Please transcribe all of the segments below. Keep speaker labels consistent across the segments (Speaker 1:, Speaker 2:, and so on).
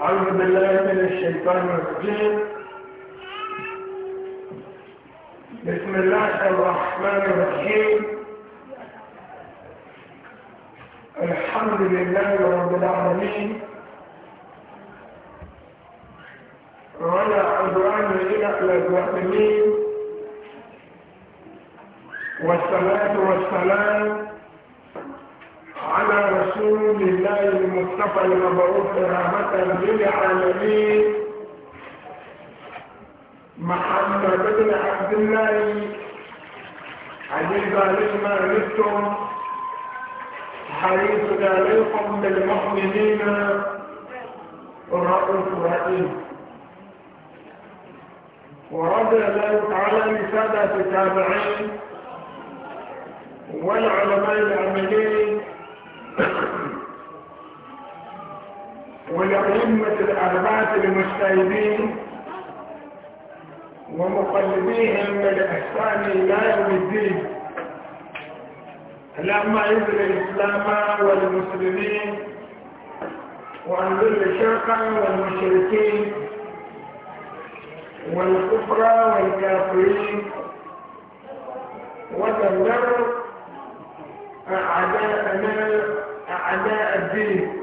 Speaker 1: أعوذ بالله من الشيطان الرجيم بسم الله الرحمن الرحيم الحمد لله رب العالمين ولا عدوان إلا على الظالمين والصلاة والسلام على رسول الله المصطفى المبعوث رحمة للعالمين محمد بن عبد الله عزيز علينا عرفتم حريص عليكم بالمؤمنين الرؤوف رحيم ورضي الله تعالى لسادة التابعين والعلماء العاملين ولأئمة الأربعة المجتهدين ومقلديهم بالإحسان إلى يوم الدين اللهم أعز الإسلام والمسلمين وأنزل الشرق والمشركين والكفر والكافرين وتذر
Speaker 2: أعداءنا أعداء الدين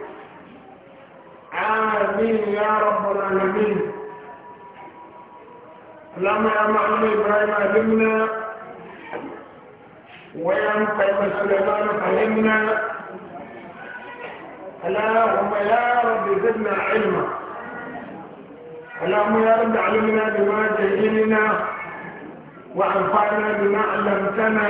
Speaker 2: آمين
Speaker 1: يا رب العالمين اللهم يا إبراهيم علمنا ويا مقيم سليمان فهمنا اللهم يا رب زدنا علما اللهم يا رب علمنا بما جهلنا وأنفعنا بما علمتنا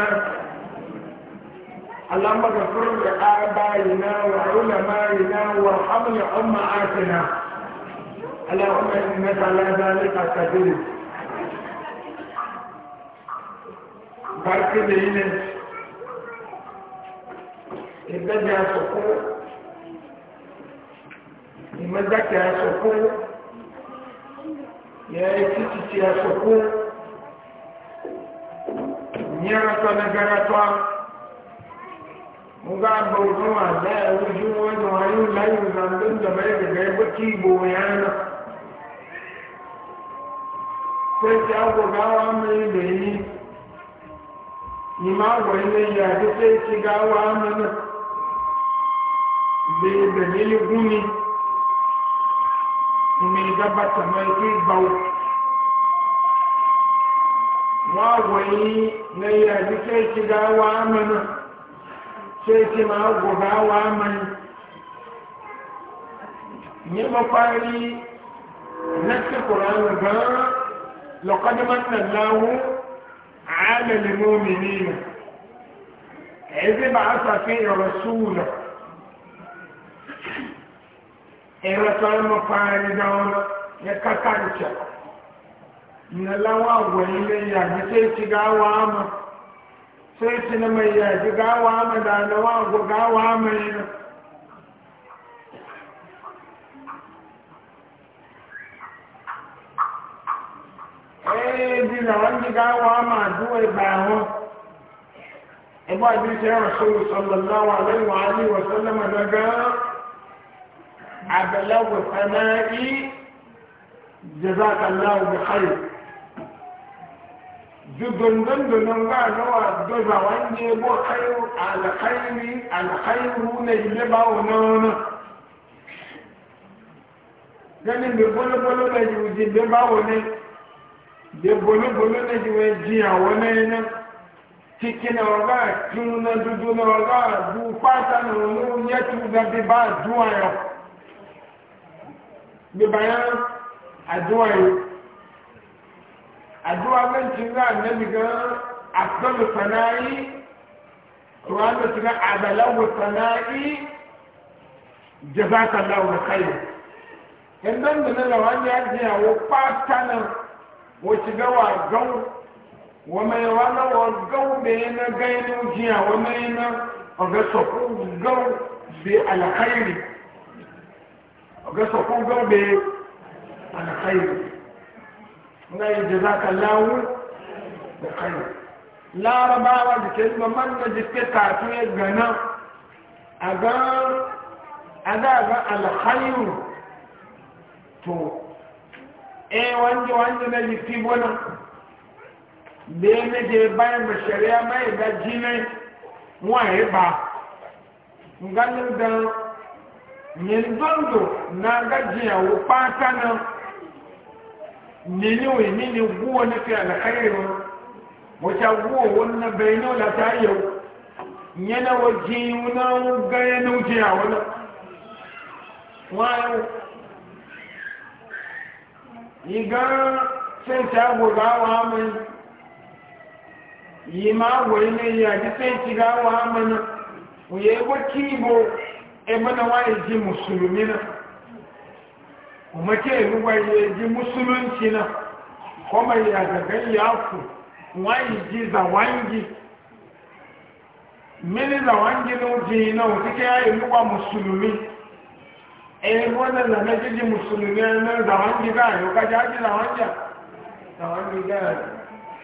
Speaker 1: اللهم اغفر لآبائنا وعلمائنا وارحمنا أمهاتنا
Speaker 2: اللهم إنك على ذلك قدير barke da yi ne
Speaker 1: ìgbẹ́jẹ́ asọ̀kú ìmẹ́gbẹ́kẹ́ asọ̀kú yẹ títí asọ̀kú nyẹ́rẹ́tọ́ nẹ́gẹ́rẹ́tọ́ nga bautan wasa ya wuce wani wani layin zambin da bai da gai baki boyana sai ta gogawa mai da yi ni ma wani ya ta sai ci gawa mana bai da nili mai gabata mai ki bau wa wani na ya sai ci gawa mana sai ce ma gobawa mai yi mafari na cikin ga lokacin lallahu alalin mominina ezi ba a safi irasula irasar mafari da wani ya kakanci na lawa gwani ne ya bi sai ci gawa ma sai ci na mai yaji gawa ma da na wago gawa mai na ji na wani gawa ma duwai bayan ibu abin ta yawon shiru sallallahu alaihi wa alihi wa sallama daga abalagu sana'i jazakallahu bi khair dubban dunan ba nawa doza wani bo kayo alkhairi alkhairu ne ile ba wona wona ganin be bolo bolo da yuji be ba wona be bolo bolo da yuwe ji a wona ina cikin waga tuna dudu na waga du fata na wani ya tuga be ba duwa yau be bayan a duwa yau addu'a nan cin za annabi ga afdalu sana'i ruwan da cin adalahu sana'i jazakallahu khairan in dan da nan lawan ya ji yawo patanan wo shiga wa gau wa mai wala wa gau be na gainu jiya wa mai na ga soko gau be alkhairi ga soko gau be alkhairi ngai jazakallahu khairan larabawa da kalma man da jike kafu ya gana a ga adaga alkhairu to eh wanje wanje na jiki bona bene je bayan bashariya mai ga jine wa ba ngalin da nyendondo na nini we nini guwa na fi alkhairu wata guwa wannan bayanu la ta yau yana waje na ga yana wuce a wani wayo yi ga sai ta gogawa mai yi ma goyi ne ya ji sai ci gawa mana ku yi ba kibo ebe na waye ji musulmi umake a ya ji musulunci na kuma ya zagan yaku wani ji zawangi mini zawangi na ji na wutuke ya yi ruwa musulmi eh na jiji musulmi na zawangi ga yau ka ji haji zawangi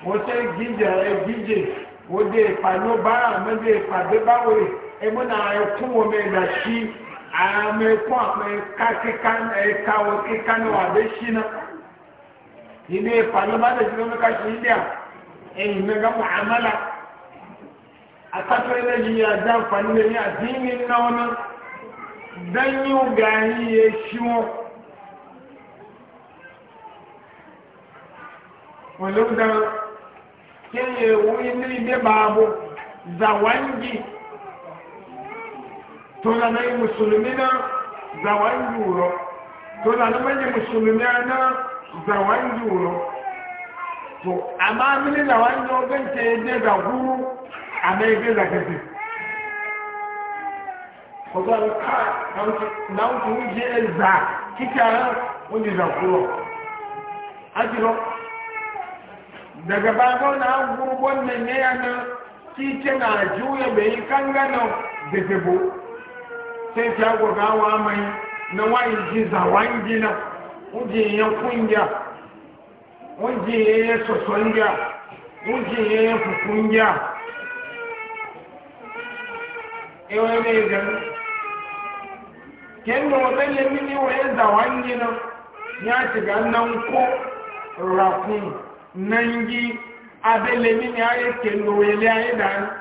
Speaker 1: wata gije ya gije wadda ya fano bara a mazi ya fadi bawure ebe na ya mai ame kpɔ ame ka keka eka wɔ keka ne wɔ abe si na yi ne palema de si ne ka si dia eyi eh, ne ka mo amala asatɔ ne yi adi anfani ne yi adi ne na wo na danyiwo gaa yi esi wo wòle wo dan kéye wo yi ne yi de tona na yi musulmi na zawan yuro tona na manyan musulmi na zawan yuro to amma mini zawan yuro zan ce ne da guru a mai bai da gaji ko zan ka na wuce wuce e za kika wani zakuro a jiro daga bago na gurgon nan ne yana kike na juya bai kangana da tebo sai ta gurgawa mai na wa'in ji zawon gina wuje ya kungiya wuje ya yi soson gya wuje ya yi fukun gya ewe mai gani kendo wajen yami ne wa ya zawon gina ya shiga nan ko rakun nan gi abele mini aye kendo wele aye dani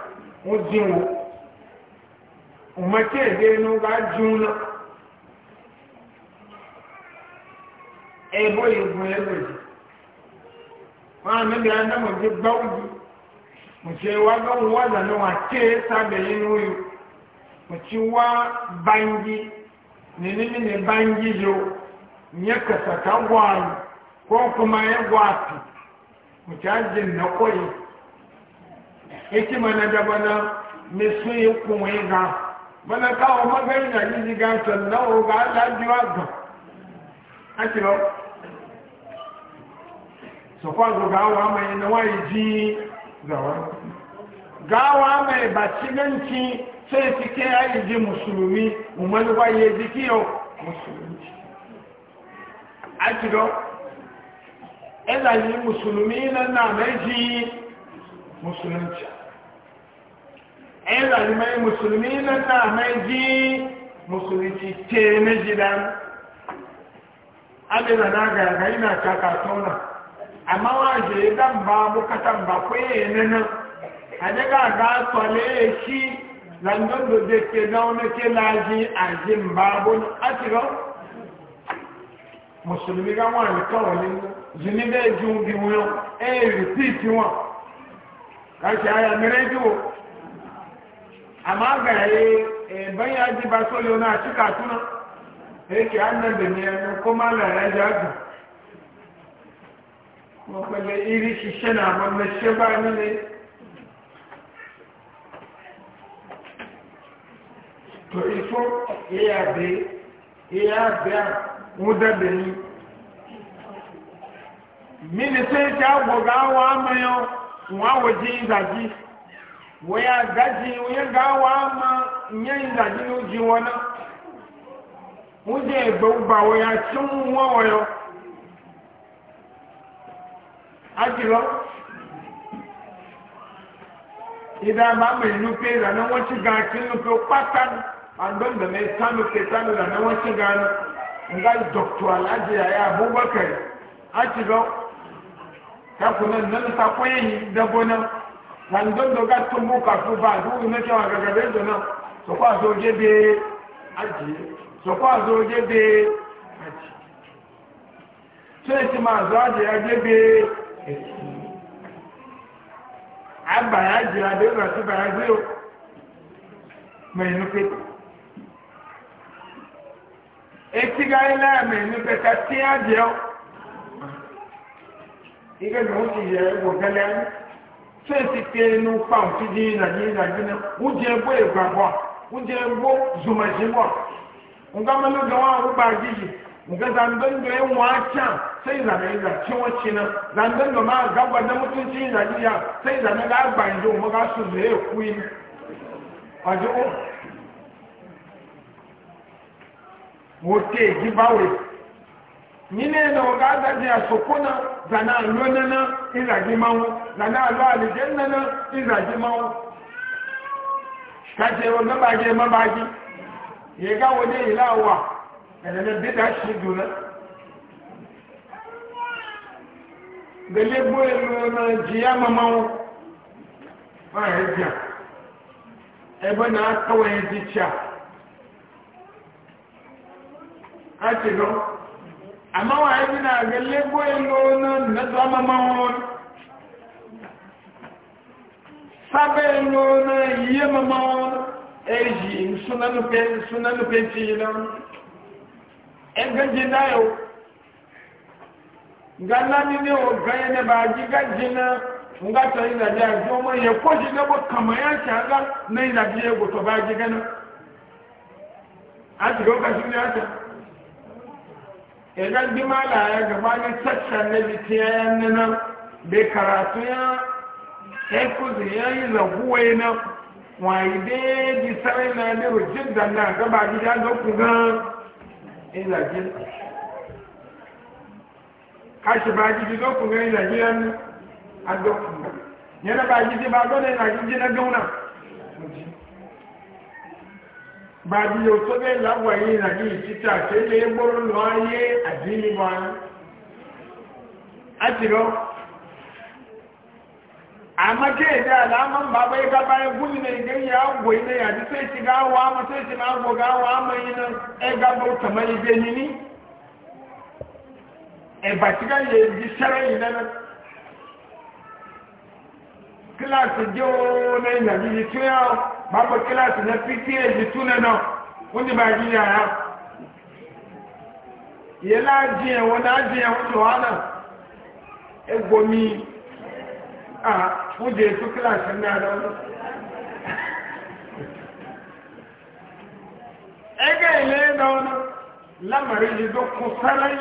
Speaker 1: wọ́n dín wọn ọmọkẹ́ èdè inú bá dín wọn ẹ̀bọ́ ìgbọ̀n ẹgbẹ̀ yìí wọ́n á mẹ́bí adámọ̀ gbáwó yìí mùtí wá gbáwó wá lànà wà tẹ́ sábẹ̀ inú yìí mùtí wá báyìí nínú nínú báyìí yìí nyɛ kasaka waa ko kuma eti mana da bana mesu yi kuma yi ga kawo magani na jiji ga na o ga ala ga a ti lọ sọkwa ga awa mai na wayi ji gawa ga awa mai ba ci ganci sai ti ke ayi ji musulmi umar waye ji kiyo musulmi a ti lọ ẹ̀là yìí musulmi na na méjì musulunci ɗaya mai musulmi na ta mai ji musulunci te na jidan na gaga ina kakatona amma waje dan ba bukatan ba kwaye ne nan a daga ga tsale shi landon da da ke zaune ke laji a jin babun atiro musulmi ga wani kawalin zini da jin biyu yau eh repeat wọn kashi aya mere amma ga yayi ban ya ji ba so leona a cika tuna yake annan da ne kuma na ya jaga kuma kwalle iri shi shana wannan shi ba ni ne to ifo iya be iya biya muda da ni mini sai ta gogawa mayan wa waje zaji wòye agaji wòye gawa ama nye ndadzi ni wodzi wɔ na wodze egbewugba wòye atsi ŋu wɔyɔ adi lɔ yìí ama ame yi nupe lana wɔn tsi gã tsi nupe kpata ando ndeme ta nupe ta gã nu nga ya ya abubakar ati lɔ kakuna nanu ta kɔye yi dabo na. nandondo ka tumbu ka tuba ndugu nake wa gagabezo na sokwa zoje be aji sokwa zoje be aji tete ma zoje aje be aba aji ade na tuba aji o menu pe eti ga ila menu pe ka ti aje o ige no ti ye wo galen fesi tenu kpam fiji na ji na ji na wuje gbo egbagbo wuje gbo zumajimbo nga malu gawa uba jiji nga zandondo ya wacha sai zane ga ciwo cina zandondo ma gaba da mutunci na ji ya sai zane ga banjo mu ga su ne kuyi ajo o mo te gibawe nyine na oga adaji asokona zana alo nana izaji mawu zana alo alije nana izaji mawu kaje wo mabaji mabaji yega wo ne ila e wa ẹ̀lẹ́lẹ́ bídá ṣe dùn náà gbẹ̀lẹ́gbó ẹ̀lú ọmọ jìyà mọ́mọ́ wọn wọ́n rẹ̀ jà ẹgbẹ́ náà tọ́wọ́ na amma wa ya na ga lagos lonon na zama mawon sabe lonon yi mawon eji suna nufe cinan ‘yan gaji na yau gana ni ne o ganye ne ba ji gaji na ngata ina ji aji omo ya kwaji na bo kama ya aga na ina biye goto ba ji gana a ti ga okashi ne idan dimala ya gabanin sassan na bitiyayen nan da karatu ya ekuzi ya yi zaguwai na wayi dai bisari na da rujin da na gaba gida ga kuga ilajin kashi ba gidi ga kuga ilajin a ga kuga yana ba gidi ba gona ilajin jina gauna bàbí òtóbẹ́ a yìí nàbí ìtítà tí ó lè gbóró lọ ayé àdínníwá àtìrọ àmọ́kéèdè àlàámọ́ bàbá yìí bàbá yìí gúnni na ìgbéyà àgbò a àti tó ìtì gáwọ́ àmọ́ na ìtì náà gbò gáwọ́ àmọ́ ga na ama bó e na ìgbé níní ẹ̀bà tí ká yẹ ìdí sẹ́rẹ̀ yìí na. kíláàsì jẹ́ oó lẹ́yìn ìgbà jíjí tún yá ọ máa bọ kíláàsì náà pta jì tún lẹ́nà wọ́n ti bá jíjí àyà. ìyẹ́ láàjì ẹ̀wọ̀n láàjì ẹ̀wọ̀n tó wà náà egbò mi à wọ́n jẹ́ ètò kíláàsì náà lọ́wọ́. ẹgbẹ́ ilé náà lámàrí yìí tó kún sáré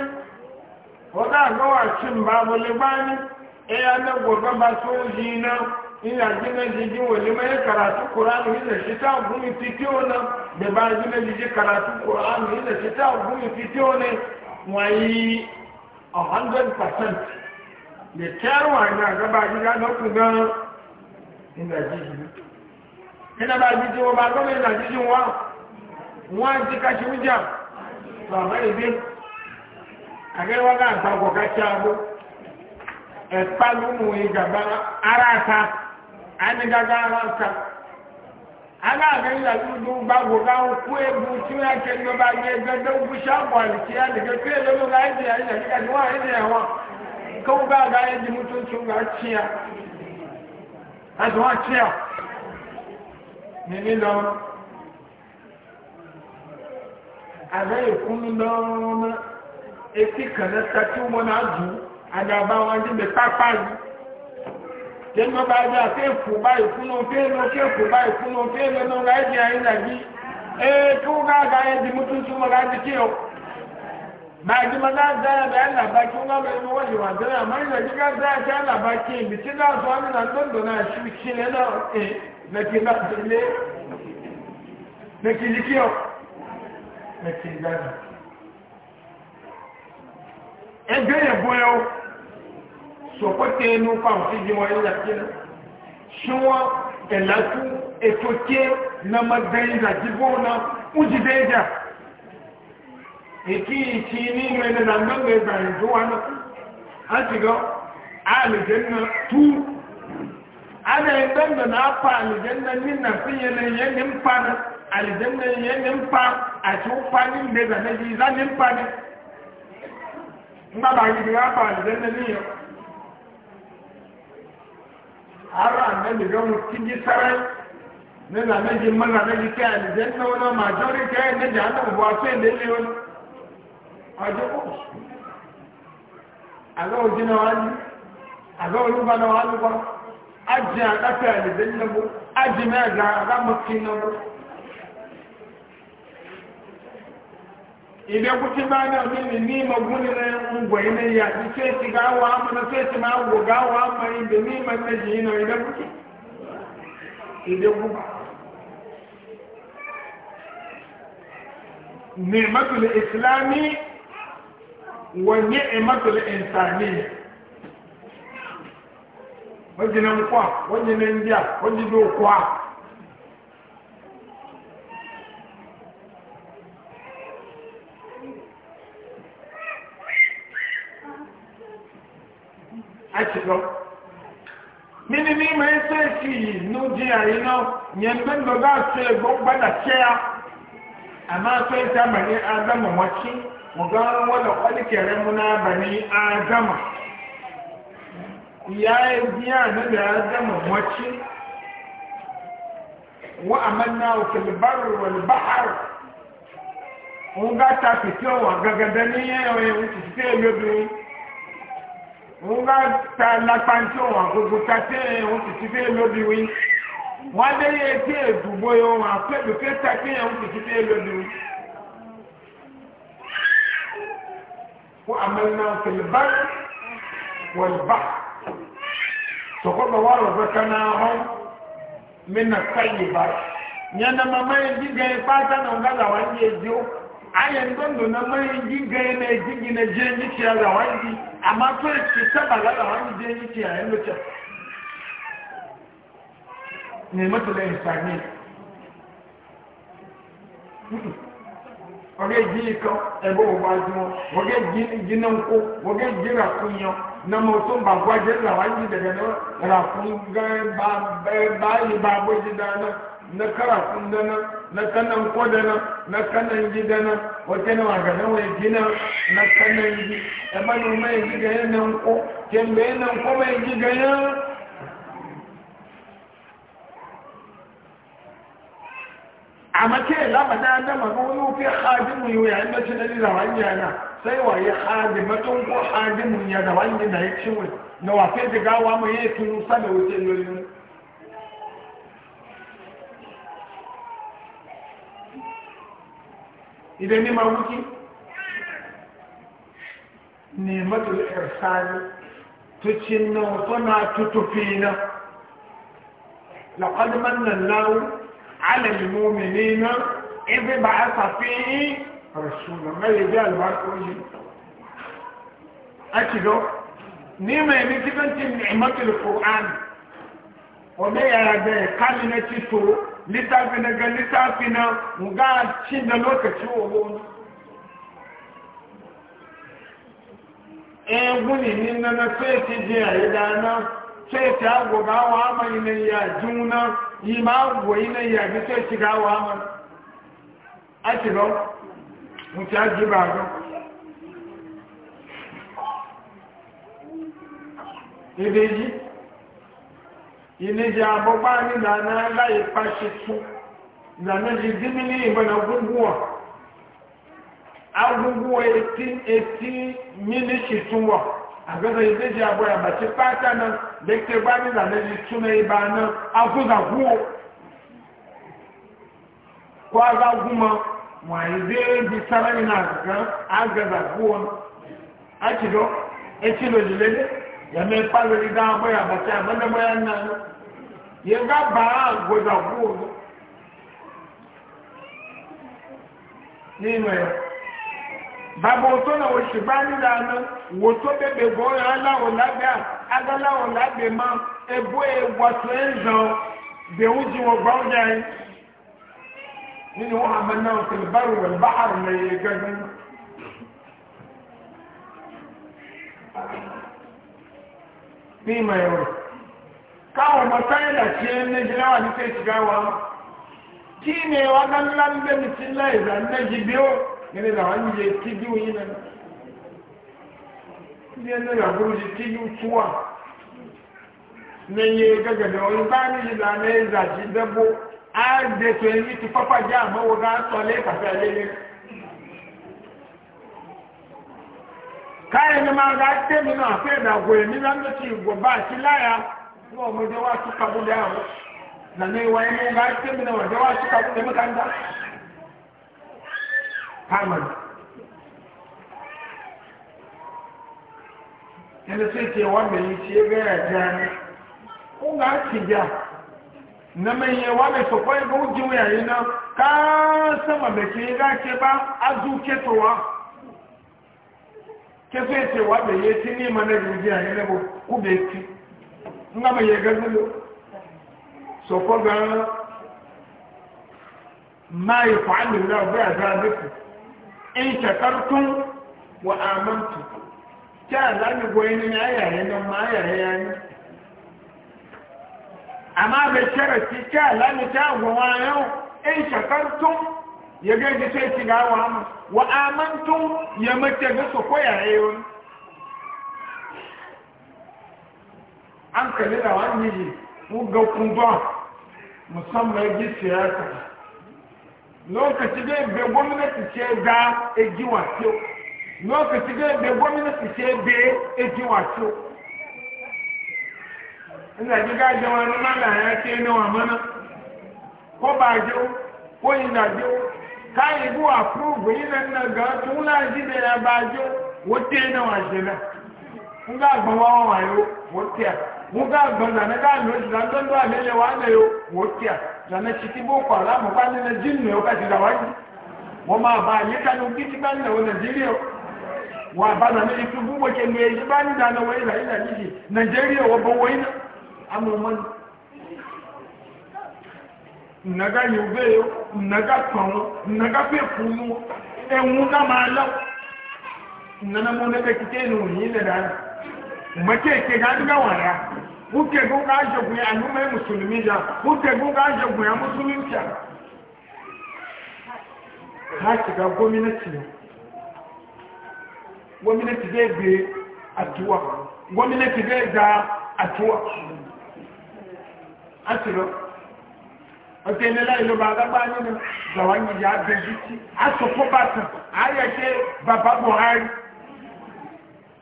Speaker 1: wọ́n náà lọ́wọ́ àti mbàbọ̀lẹ́gbá ní ẹ̀yà náà bá tó yìí náà. ina gina jijin wani mai karatu ƙura'anu ina shi ta gumi fitiyo nan da ba gina jijin karatu ƙura'anu ina shi ta gumi fitiyo ne wayi a 100% da kyarwa na gaba gina na kuga ina jijin ina ba jijin wa ba gama ina jijin wa wa ji kashi wuja ba ma ibe a gaiwa ga ta kwa kashi abu ẹ̀pá ló mú ìjàmbá ara ta ani gaga haka ana ganin da dudu ba goga ku e bu ti na ke no ba ye ga da bu sha ba ni ti ya ni ke ke lo ga ji e ya ni ka ni wa ni e ya wa ko ga ga ye ji mutun tun ga ciya
Speaker 2: a zo a ciya
Speaker 1: ni ni lo a ga ye kun lo na e ti kana ta tu mo na ju ada ba wa jẹ́nu bá jẹ́ àkéèkù báyìí fún un fẹ́ lọ kéèkù báyìí fún un fẹ́ lọ náà láì jẹ́ àyín nàbí ee kí wọ́n gáà gáà ẹ̀dì mú tuntun mọ́ láti kí o máa jí máa gáà dáa bẹ́ẹ̀ àlàbá kí wọ́n bẹ̀rẹ̀ mọ́ wọ́n yìí wà dẹ́rẹ́ àmọ́ ìlà jí gáà dáa kí àlàbá kí ibi tí náà sọ mí náà tó ń dùn náà kí lé náà ẹ̀ mẹ́kì náà ti kí o mẹ́kì yìí dáa ẹgbẹ́ yẹ̀ soko tenu kwa msiji mwa ila kina shuwa elaku etoke na madaida jibona ujideja iki ichini mwene na mbanga eza njuwana hatiga alijanna tu ana yadda na fa alijanna min na fiye na yanin fa na alijanna yanin fa a ci ufanin da zanaji zanin fa ne ba ba yi ba alijanna ne yau ara annabi ga mutum ji sarai na zanaji mana na jike a nijan na wani majauri ta yi na jihannan buwa sai da ile wani a jiko a ga oji na wani a ga oluba na wani ba aji a ƙasa a nijan na bu aji na ga mutum na bu ibe kuti ba da min ni ma guni na un goyi ne ya ti ce ti ga wa ma na ce ti ma go ga wa ma ibe ni ma na ji no ibe kuti ibe ku ni'matul islami wa ni'matul insaniyya wajinan kwa wajinan dia wajido kwa jùlọ mini ni ma ese ki nu di ayi no nye mbe ndo ga se go gbada kea ama so ita bani adama wachi mo ga ran wala kwali kere mu na bani adama ya e biya na da adama wachi wa amanna fil barri wal bahr on ga ta fitio wa gagadani ye o ye wuti fitio yo bi ŋgá ta lakpantsi wọn gbogbo tate wọn titi fi lóbi wi wọn adé yẹ ti edugbo yẹ wọn aƒe ɖoke tate wọn titi fi lóbi wi ko amalina kiliba wọliba sɔkɔba wàllu fɛ kana hɔn mina kayi ba nyɛ nama ma yɛ di gɛn kpaata na ŋgá la wà nyɛ di o ayan dondo na mai gingaye na jingina jeniciya da wangi amma to ce ta bala da wangi jeniciya yan lucha ne mata da insani oge ji iko ebe ụwa jụọ oge ji na nkwụ oge ji rakunyo na mutum ba gwaje da wangi daga na rakun ga ba ba yi ba gwaje da na na karafin dana na kanan kodana na kanan gidana wata na magana wai gina na kanan gi e manoma ya giga ya nan ko kemgbe ya nan ko mai giga ya a mace labada da maka wani wufi hadimu yau yayin da ci dali da wani yana sai wa ya hadimatun ko hadimun ya da wani da ya ciwo na wafe da gawa mai ya tunu sa wuce lullu ìdè ní ma wúkí ní mọ́tò ẹ̀rọ̀sáàlì tó ti ná tó náà tuntun fi iná لقد من الله على المؤمنين إذ بعث فيه رسولا ما يجي البركة ويجي أكيدو نعمة يمكن أن نعمة القرآن وما يجي كلمة سوء littafi daga littafi na muga cin da lokaci wa gona eh guni ni na na sai ti je ayi dana sai ta goga wa mai na ya juna yi ma goyi na ya bi sai ti ga wa mai a ti go mu ta ji ba go ibe yi ini je abogba ni na na la ipashi tu na na je dimini ibo na gugwo agugwo eti eti mini chitumwa agaza ibe je abo ya bati pata na lekte bani na na je tuna iba na agugwa gugwo kwa za guma mwa ibe bi sarani na aga za gugwo akido echi lo jilele yàmẹ kpalẹ ní dáhùn bọ yà bàtà àmọdébọ yà nà lọ yẹn ká bàá gbọdọ kú o nínú ẹ bàbá òtó náà oṣù bá nílà lọ wòtó bèbè bọ yà aláwọ lábẹ agbáláwọ lábẹ má ebó ewọtò ẹ zàn bẹ̀wù jí wọn gbọ́ ọjà yìí nínú wọn àmọ náà kò lè bá rẹ bá àrùn ẹ yẹ gẹ́gẹ́ ka mai yau kawo matsayin da ce ne jirawa ni sai shiga wa ki ne wa nan nan da mutum lai biyo ne da wani je ki biyu yi ki biyu tuwa ne ye gaga wani ba ni ji zanne zaji dabo a da to yi ti papa ja ma wa ga ka kaya ni maga ate mi na afe da gwe mi na ndoti gwe ba ti laya wo mo de wa su kabu da ho na ne wa ni maga ate mi na wa de wa su kabu de maka nda kaman ene se ti wa me ni ti ga ya ja ni ko ga na me ye wa ya ina ka sama be ti ga ke azu ke kefe ete wa be ye ti ni ma na yi di ayi bụ ku nga ma ye so ko ga ma yi fa'alu la bi in wa amantu ta la ni go yin ni ma aya ye ani amma be sharati ta la ta go wa in ya ga ji sai ki gawa hannu wa amantum ya mace ga su koya an kalli da wani yi ga kumba musamman ji siyasa lokaci da gwamnati ce ga egiwa kyau lokaci gwamnati ce ga ina ji na ya ce mana ko ba jau ko ina jau káyì bú àpúrúbù yìí lẹ́nà gan tó ń láì sí ìbẹ̀rẹ̀ abájọ́ wọ́n tẹ́ náà wà ṣe náà ń gá àgbọn wá wọn wáyó wọ́n tẹ́ à ń gá àgbọn lànà gá àlọ́ sí lọ́dọ́ àlẹ́lẹ̀ wà lẹ́ yó wọ́n tẹ́ à lànà sí ti bókọ̀ aláàmọ̀pá nínú jíìnì ó kàti dàwájú wọ́n máa bá àyè kánú kí ti bá nìyàwó nàìjíríà wọ́n àbá lànà ikú búbọ̀ kẹ́lú èyí bá nìyàwó nàìjíríà wọ́n bọ̀ nnaga yoveyo nnaga tɔn nnaga pe funu eŋu na ma lɔ nana mo nebe kite nu yi le da ma ke ke ga diga wara mu ke go ga jogun ya nu me musulmi ja mu ke go ga ya musulmi ja ha ki ga gwamnati ne gwamnati zai bi atuwa gwamnati zai da atuwa asiro ọtí ní láì ló bá agbábá nínú ìjọba yìí abẹ́jú tí asòfò bá tàn ayẹ ṣe bàbá buhari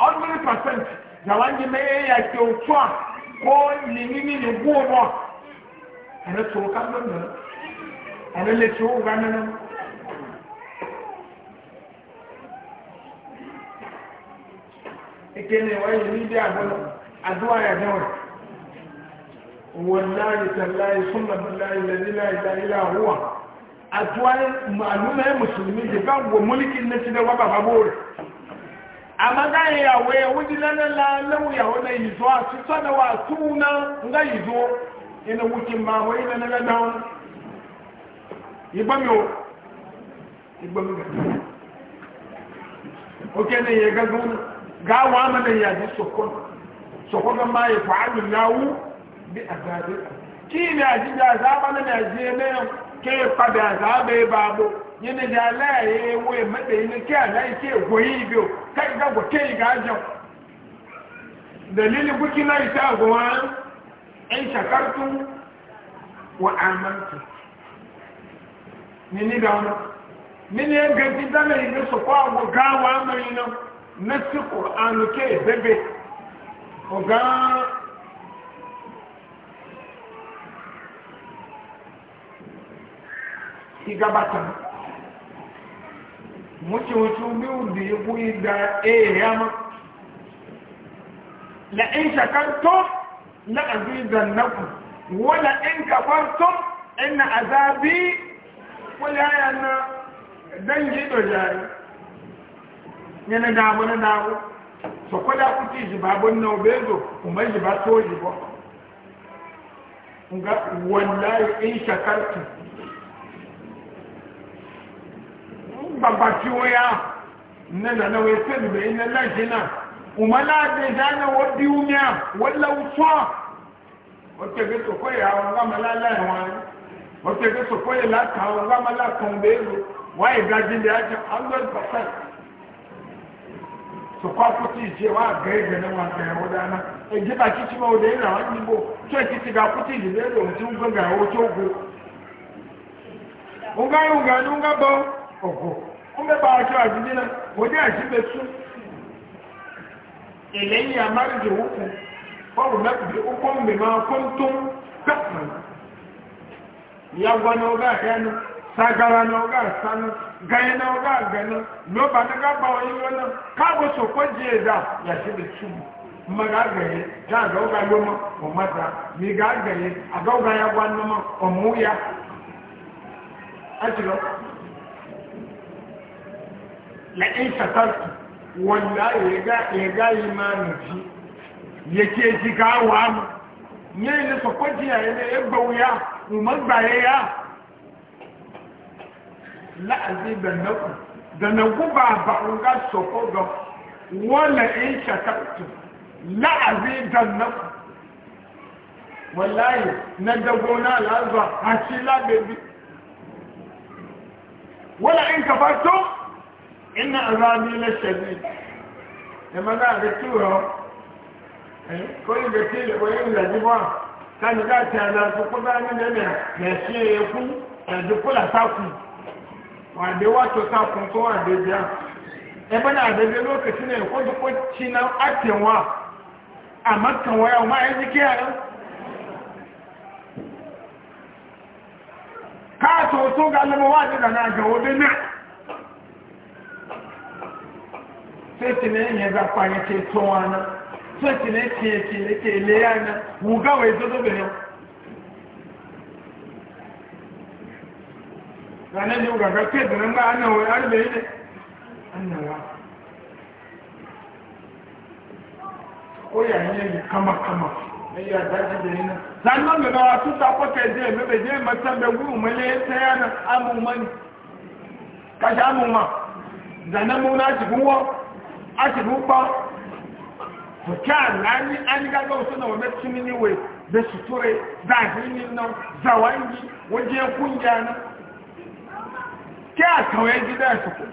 Speaker 1: hundred percent ìjọba yìí mẹ ẹ yà ṣe òtú à kó ní níní ní gbó wọn ẹni tó ká ló nà ẹni lè tó wà nínú. ìkéde wáyé ní bí àgbọ̀nà àdúrà yà wallahi tallahi sunna billahi alladhi la ilaha illa huwa atuwaye ma'aluma ya musulmi da kan wa mulkin na cikin waba babore amma ga ya yawo ya wuji lana la lawu ya wona yi zo a su sana wa suna nga yi zo ina wukin ma wai na naga da ibami o oke ne ya ga gun ga wa mana ya ji sokon sokon ma ya fa'alu bí àgbàdo kí ni àjíjà àzába ní nàìjíríà náà kí padà àzába ibà bò yìí ni ìjà aláìyé ewu ìmọ̀tẹ̀ yìí ni kí àláyé kí èkó yìí bí o káyìí gbàgbọ́ ga gàájọ. Dalili buki na isa àgùnwá ń ṣàkártú wọ àmàntì ní nígbà wọn. mini ya gaji dana yi su kwa gawa mai nan na si ƙor'anu ke bebe ga igabata muci wucu biyu da ya buyi da eh yama la in shakartum la azidannakum wala in kafartum inna azabi wala yana dangi do jari yana da wani dawo so ko da kuci jibabun na obezo kuma jiba so jibo nga wallahi in shakartum babbaci waya na na na wai sai da ina nan shi na umala da jana wadi umiya wala ufa wata ga to koyi a wanga malala ya wani wata ga to koyi la ta wanga malala kan bezo waye gaji da ya ce Allah basar su kwa kuti je wa gai da na wata ya wadana e ji ba kici ba wadai na wani bo ce kici ga kuti je da mutum ga wato go unga unga unga bo ogo ń bẹ́ bá aṣọ àjíjí náà mo jẹ́ àjíbẹ̀ tún ìlẹ́yìn àmárìjì òkú fọ́ọ̀rù mẹ́kùnrin ó kọ́ mẹ́mọ́ kó ń tó ń gbẹ̀pọ̀ a náà ọgá ẹnu sagara na ọgá sanu gẹ́yìn na ọgá gẹ́nu lóba náà ká bá ọyún lọ́nà káàbò sòkó jí èdà yàjíbẹ̀ tún mma ga gẹ̀yẹ já àgbà ọgá yọmọ ga gẹ̀yẹ àgbà ya gwa nnọmọ ọmụ ya. la'in shakartu wallahi ya gayi ma na ji ya ke ji gawa mu ne ne sakwaji ya yi ya gbauya umar baye ya la'azi da naku da na guba ba unga soko ga wala in shakartu la'azi da naku wallahi na dagona lazwa a shi labebi wala in kafarto inna azabi la shadid e maga da turo ko yi da tile ko yi ka ni ga ta da ko ko ga ni da ne ne shi ye ku da dukula ta ku wa de wa to ta ku ko wa de ja e bana da de lokaci ne ko duk ko cinan atenwa amma ya ma a ka to to ga lamu wa da na ga fẹ́tìnà ẹ̀yẹn bá pààyàn tẹ tó wọn náà fẹ́tìnà ẹ̀kìyẹ kìyẹ tẹ ilé àná wù gáwọ̀ ìdọ́dọ́bìnrin ranar yau gaga ke da nan ba annan wai arbe ne annawa ko ya kama kama ya daji da yana da nawa su ta kwata je me be je matan da gu ta yana amuman na asibupa mutan nani an ga ga suna wani cimini wai da suture zahiri nan zawangi waje kungiya na ke a kawai gida su ku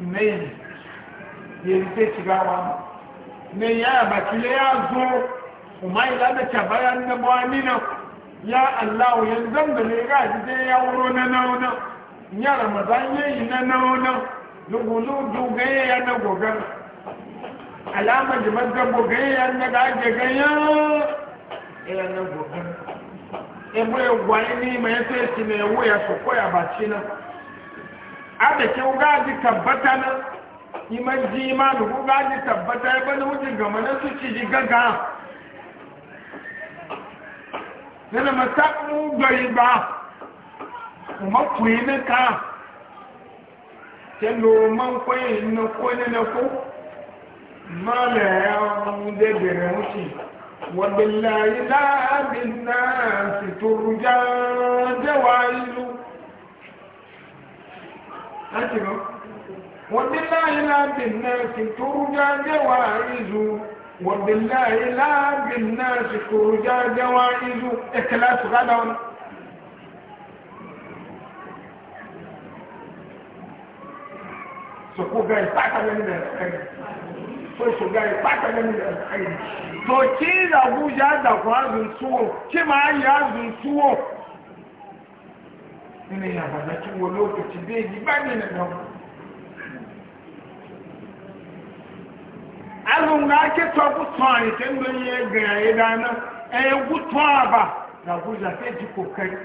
Speaker 1: ne yanzu shiga wa ne ya bakile ya zo kuma ya allahu yanzu da ne ga jide ya wuro na nauna nya ramadan ye ina na ona lugulu duga ye ya na goga alama ji madda goga ye ya na ga je ga ya ya na goga e mo e gwani ni ma yete ti ne wo ya so ko ya ba chi na abe ke uga ji tabbata na imanji ma lugu ga ji tabbata ya e bani wujin gama na su ci ji gaga nana masa mu gari ba makwi na ka ke loman kwaye na kone na ko mala ya wunde bere wuce wabillahi la bin na fiturja jawailu ake ba wabillahi la bin na fiturja jawailu wabillahi la bin na fiturja jawailu ikilasu gada wani soko gari fata gani da so ki da buja da ku azun tuwo ki ma yi azun tuwo ina ya da ki wo lokaci bai ji na dawo azun ga ke to ku tsani kin don ye ga ye dana eh ku ba da buja sai ji kokari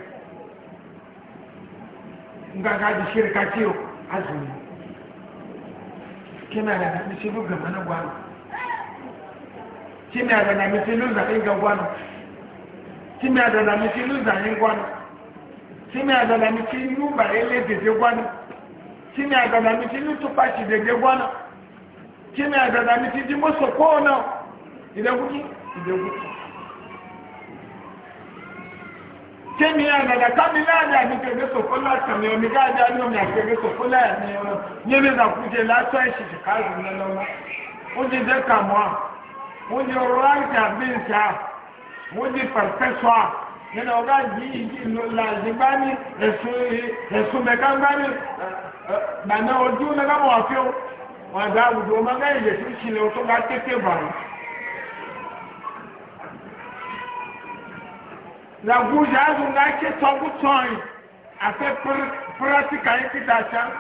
Speaker 1: ngaga di shirka ciyo azumi kina da na misilu gama na gwano kina da na misilu zane ga gwano kina da na misilu zane gwano kina da na misilu ba ele de de gwano kina da na misilu tupashi dede gwano kina da na misilu moso ko na idan kuki idan kuki kémi àgàgà kábílẹ̀ àdé àdìgbègbè sòfólà sàmì omi gáàdé àdé omi àgbègbè sòfólà ẹ̀mí ọ̀rọ̀ nyẹ́mi nàkújẹ lásán ìṣìṣì káàdì lọ́lọ́mọ́ wọ́n dé kàmọ́ wọ́n di ráìtì àbíǹsà wọ́n di pẹ̀fẹ́sọ́ à nínú ọ̀gá yìí lọ́làjì bá ní ẹ̀sùn mẹ́kángbá ní gbàná ojú mẹ́kánwó àfihàn wọn àgbà àwùjọ ọmọ gáyìí yẹ laguja ahụ nga ke tɔngu tɔnyi afe pirati ka yi daga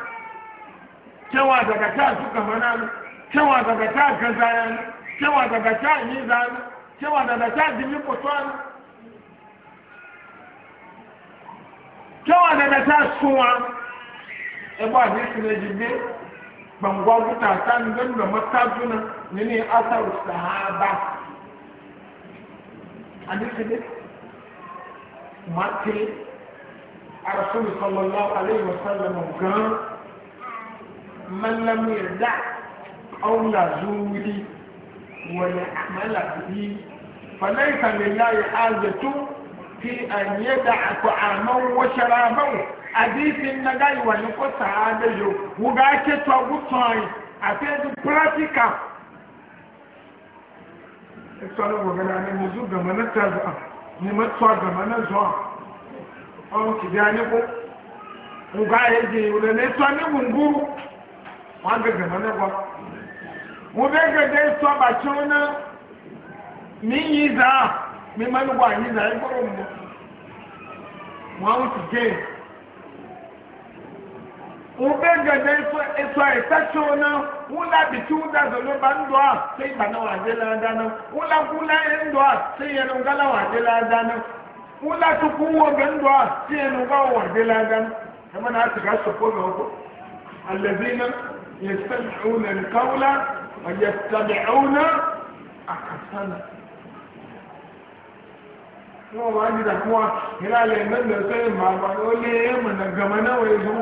Speaker 1: ta su gaba na daga ta gaza ya daga ta yi za nu daga ta dimi koto daga ta ebe a zai tuna jibe gbangwa guta ta ngan da matajuna ne ne asar sahaba a duk mate arasuli sallallahu alayhi wa sallam gan man lam yarda aw yazuli wa ya'mala bi falaysa lillahi hajatu fi an yada'a ta'amahu wa sharabahu hadisin na gai wani ko sahada yo wuga ke to gutsoi a fe practical sanu magana ne mu zuga manata za'a ni mẹ́tọ́ àgbẹ̀mọ́ náà zọ́ ọ̀run kìdí anyíkó nga èdè ìwòlẹ̀ n'etọ́ ní gbùngbùrù wọ́n gbẹ̀gbẹ̀mọ́ náà gbọ́ mo bẹ́ gẹ̀dẹ̀ etọ́ àbàtí wọn náà mi yí zàá mi mẹ́nu wà yí zàá ẹgbọ́rọ̀ mọ́ wọn ti gẹ̀ẹ́ ubengeza etwa esatshona ulabithi udazolo bandwa seyibana wazeladana ulakula endwa seyena ungala wazeladana ulathi kuwo ngendwa siyena ungawo wazeladana yamana athi kasopho lokho alladhina yastamiuna alqawla wayastabiuna akasana wọn wá ní ìdàkúnwá ìlàlẹ̀ mẹ́lẹ̀ sẹ́yìn màmá ó lé ẹ̀mọ̀nà gàmánà wọ̀ ẹ̀dùn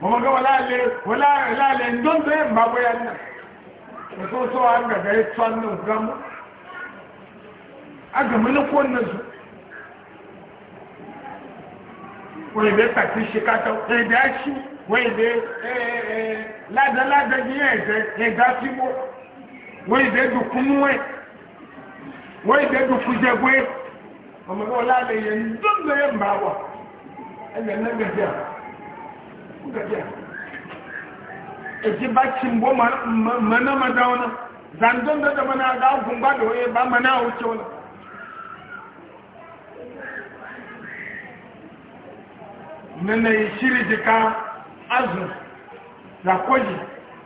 Speaker 1: kuma ga walale don da yin babayan nan da so so an ga ga yi tsannin gamu a ga mulkon nan su wai bai tafi shi kata wai da shi wai bai lada-lada yi ya ga fimo wai bai dukunu wai wai bai dukuje gwe kuma ga walale yin don da yin bawa ɗan eji baci mgbo mana mada wani zandon da da na ga agun ba da waye ba mana wuce wani
Speaker 2: nana yi shiri jika
Speaker 1: azu da kwaji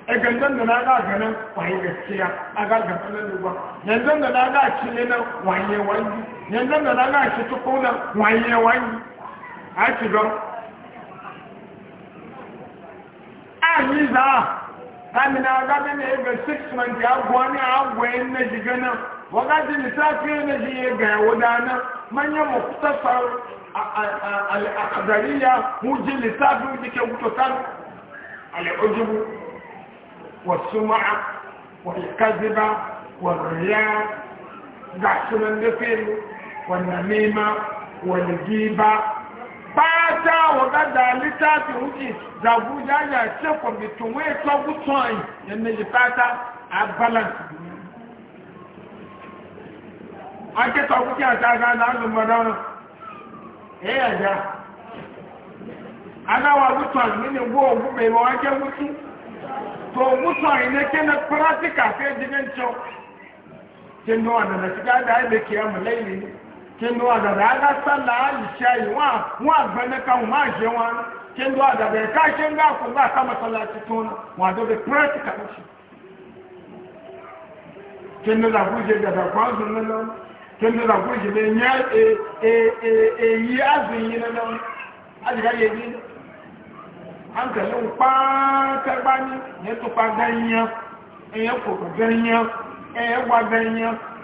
Speaker 1: e gandan da na ga ganin waye gaskiya aga aga gaban da na ga ci ne na waye wani da na ga ci tukuna waye wani a ci riza amina ga da ne ga 6 man ya gwani agwayin na shiga nan wakati lissafi na shi ya ga wadana manyan muktasar al'adariya wuji lissafi wuji ke wutotar al'ujibu wasu ma'a والكذبة والرياء دعسنا النفل والنميمة والجيبة waga da littafin wuce zagu jaya ce kwamitin wai tsogutuwan yadda ji fata a balance an ke tsoguki a taga na azumar rana eh, ya yaja ana wa nini gowa gube ba wake gutu to gutuwan ne ke na pratika sai jigancin kin nuwa da na da kendo adada aga sala alisha yi wa wa gbene kan ma je wa kendo adada e ka se nga ko ba ka masala ti ton wa do be practical shi kendo da ku je da da kwa zun na lo kendo da ku je be nya e e e e yi azun yi na lo aji ga ye ni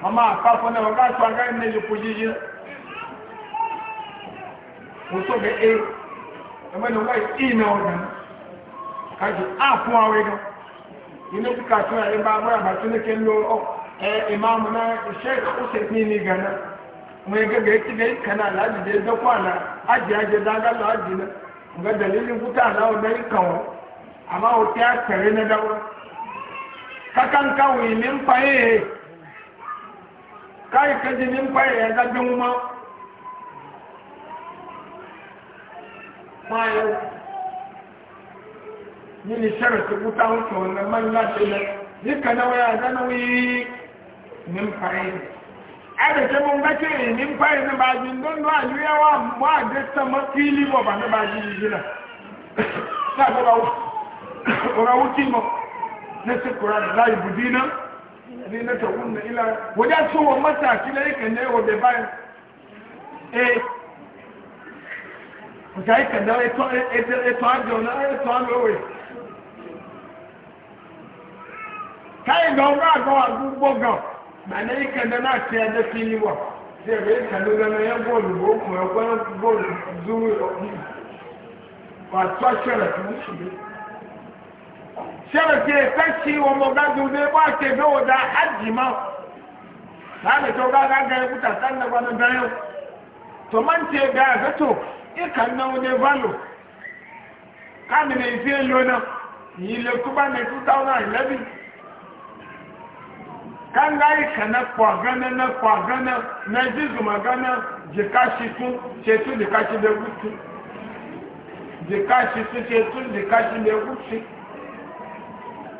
Speaker 1: ọmọ àkáfọ́ náà wọ́n káàkiri agáyé méjì kò yíyí wọ́n tó bẹ é ẹgbẹ́ ní wọ́n yìí ìmẹ̀ ọ̀gá káàkiri àfún àwọn ẹgbẹ́ inú kíkà tó yà ẹgbẹ́ àwọn àgbà tó ga nga na o o na kakan min káyì kejì ní ń pa ẹ̀yẹ dájú mú mọ́. Máyọ̀ ní ní sẹ́rẹ̀ tó kúta ń sọ ọ̀nà máa ń láti lẹ. Ní kanáwó yà dánáwó yìí ní ń pa ẹ̀yẹ. Ẹ̀rẹ̀ tó mú gbẹ́kẹ̀ ẹ̀yẹ ní ń pa ẹ̀yẹ ní báyìí ńdọ́ndọ́ àlúyẹ̀ mọ́ àdé sọmọ́ kí ilé wọ̀ bà ní báyìí yìí nà. Sáà ọ̀rọ̀ wù kí mọ̀ ní sí kúrọ̀ láì bùdí náà zinata kunna ila wajen so wa mataki na yakan ne wa bai bayan eh ku ta yakan da eto eto ajo na eto ajo we kai ga ga ga gbo ga ba ne yakan da na ti da fili wa sai bai kallo da na ya bolu bo ko ya bolu zuru ko ta shara ku shi sẹ́rẹ̀tì ẹ̀fẹ́sì ọmọgájú bẹ́ẹ̀ bá ṣe bẹ́ẹ̀ wò dá àjìmá láàrín tó bá gágá ẹkú tàṣà ń dàgbà ní dáyọ̀ tòmántì ẹ̀gá àgbẹ̀tò ìkà náà ní valò káàmì ní ìfi èlò náà ìyí lè tó bá ní two thousand eleven kanga ìkà náà pọ̀ gánà náà pọ̀ gánà náà jízùmọ̀ gánà jìkáṣi tún ṣètú jìkáṣi lè wúti jìkáṣi tún ṣètú jìkáṣi lè wúti.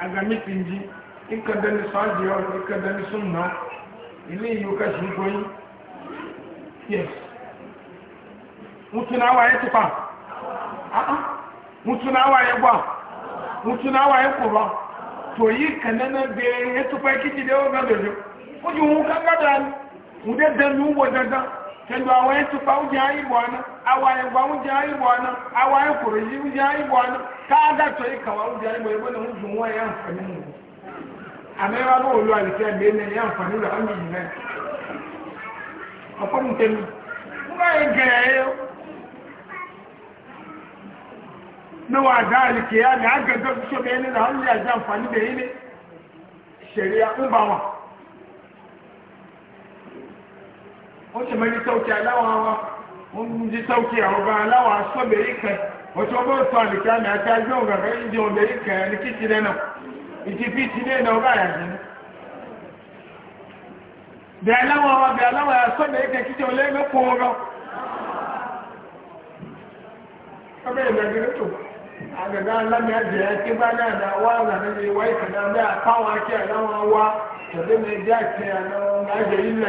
Speaker 1: agamitin ji ikadani sajiyar ikadani sunna ilé ìlú kashi goyi yes mutu na waye tupa a'a mutu na waye gba mutu na waye kuba to yi kanana be ya tupa kiti da yau na dojo kuji hun kan gada mu da danu wa dada kendo awaye tufa uje ayi bwana awaye gwa uje ayi bwana awaye kuruji uje ayi bwana kaga to ikawa uje ayi bwana bwana muzu mwa ya mfani mu amewa bo ulu alikia bene ya mfani la angi jina apo mtemi mga engea yeo na wa da alikia ni aga gafi so bene na angi ya mfani bene sheria ubawa wọ́n ti mẹ́rin sọ́ọ̀kì aláwọ̀ wa wọ́n ti sọ́ọ̀kì àwọn aláwọ̀ asọ́bẹ̀rẹ̀ kan wọ́n ti ọgbọ́n sọ àlùkí àmì àti agbẹ́ na kan ìdí ọ̀bẹ̀rẹ̀ kan ní kìtì náà ìdí fìtì náà ọba àyàjẹ́ ní. na aláwọ̀ wa bẹ̀ aláwọ̀ asọ́bẹ̀rẹ̀ kan kìtì ọ̀lẹ́ mẹ́kọ̀ ọ̀rọ̀ ọbẹ̀ ìgbàgbẹ́ na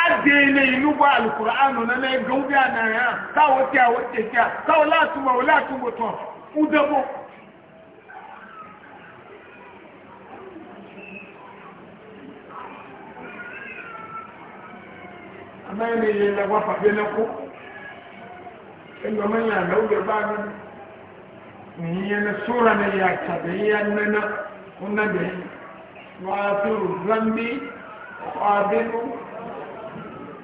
Speaker 1: adele inú bọ́ alùkùrù ánù nánà ẹgbẹ̀ ó bí ànàyà táwọ́ tí àwọ́ tẹ̀tẹ̀ à táwọ́ látúmọ̀ wọ́n látúmọ̀ tán fún dẹ́bọ̀ amáyẹ̀lẹ̀
Speaker 2: yẹ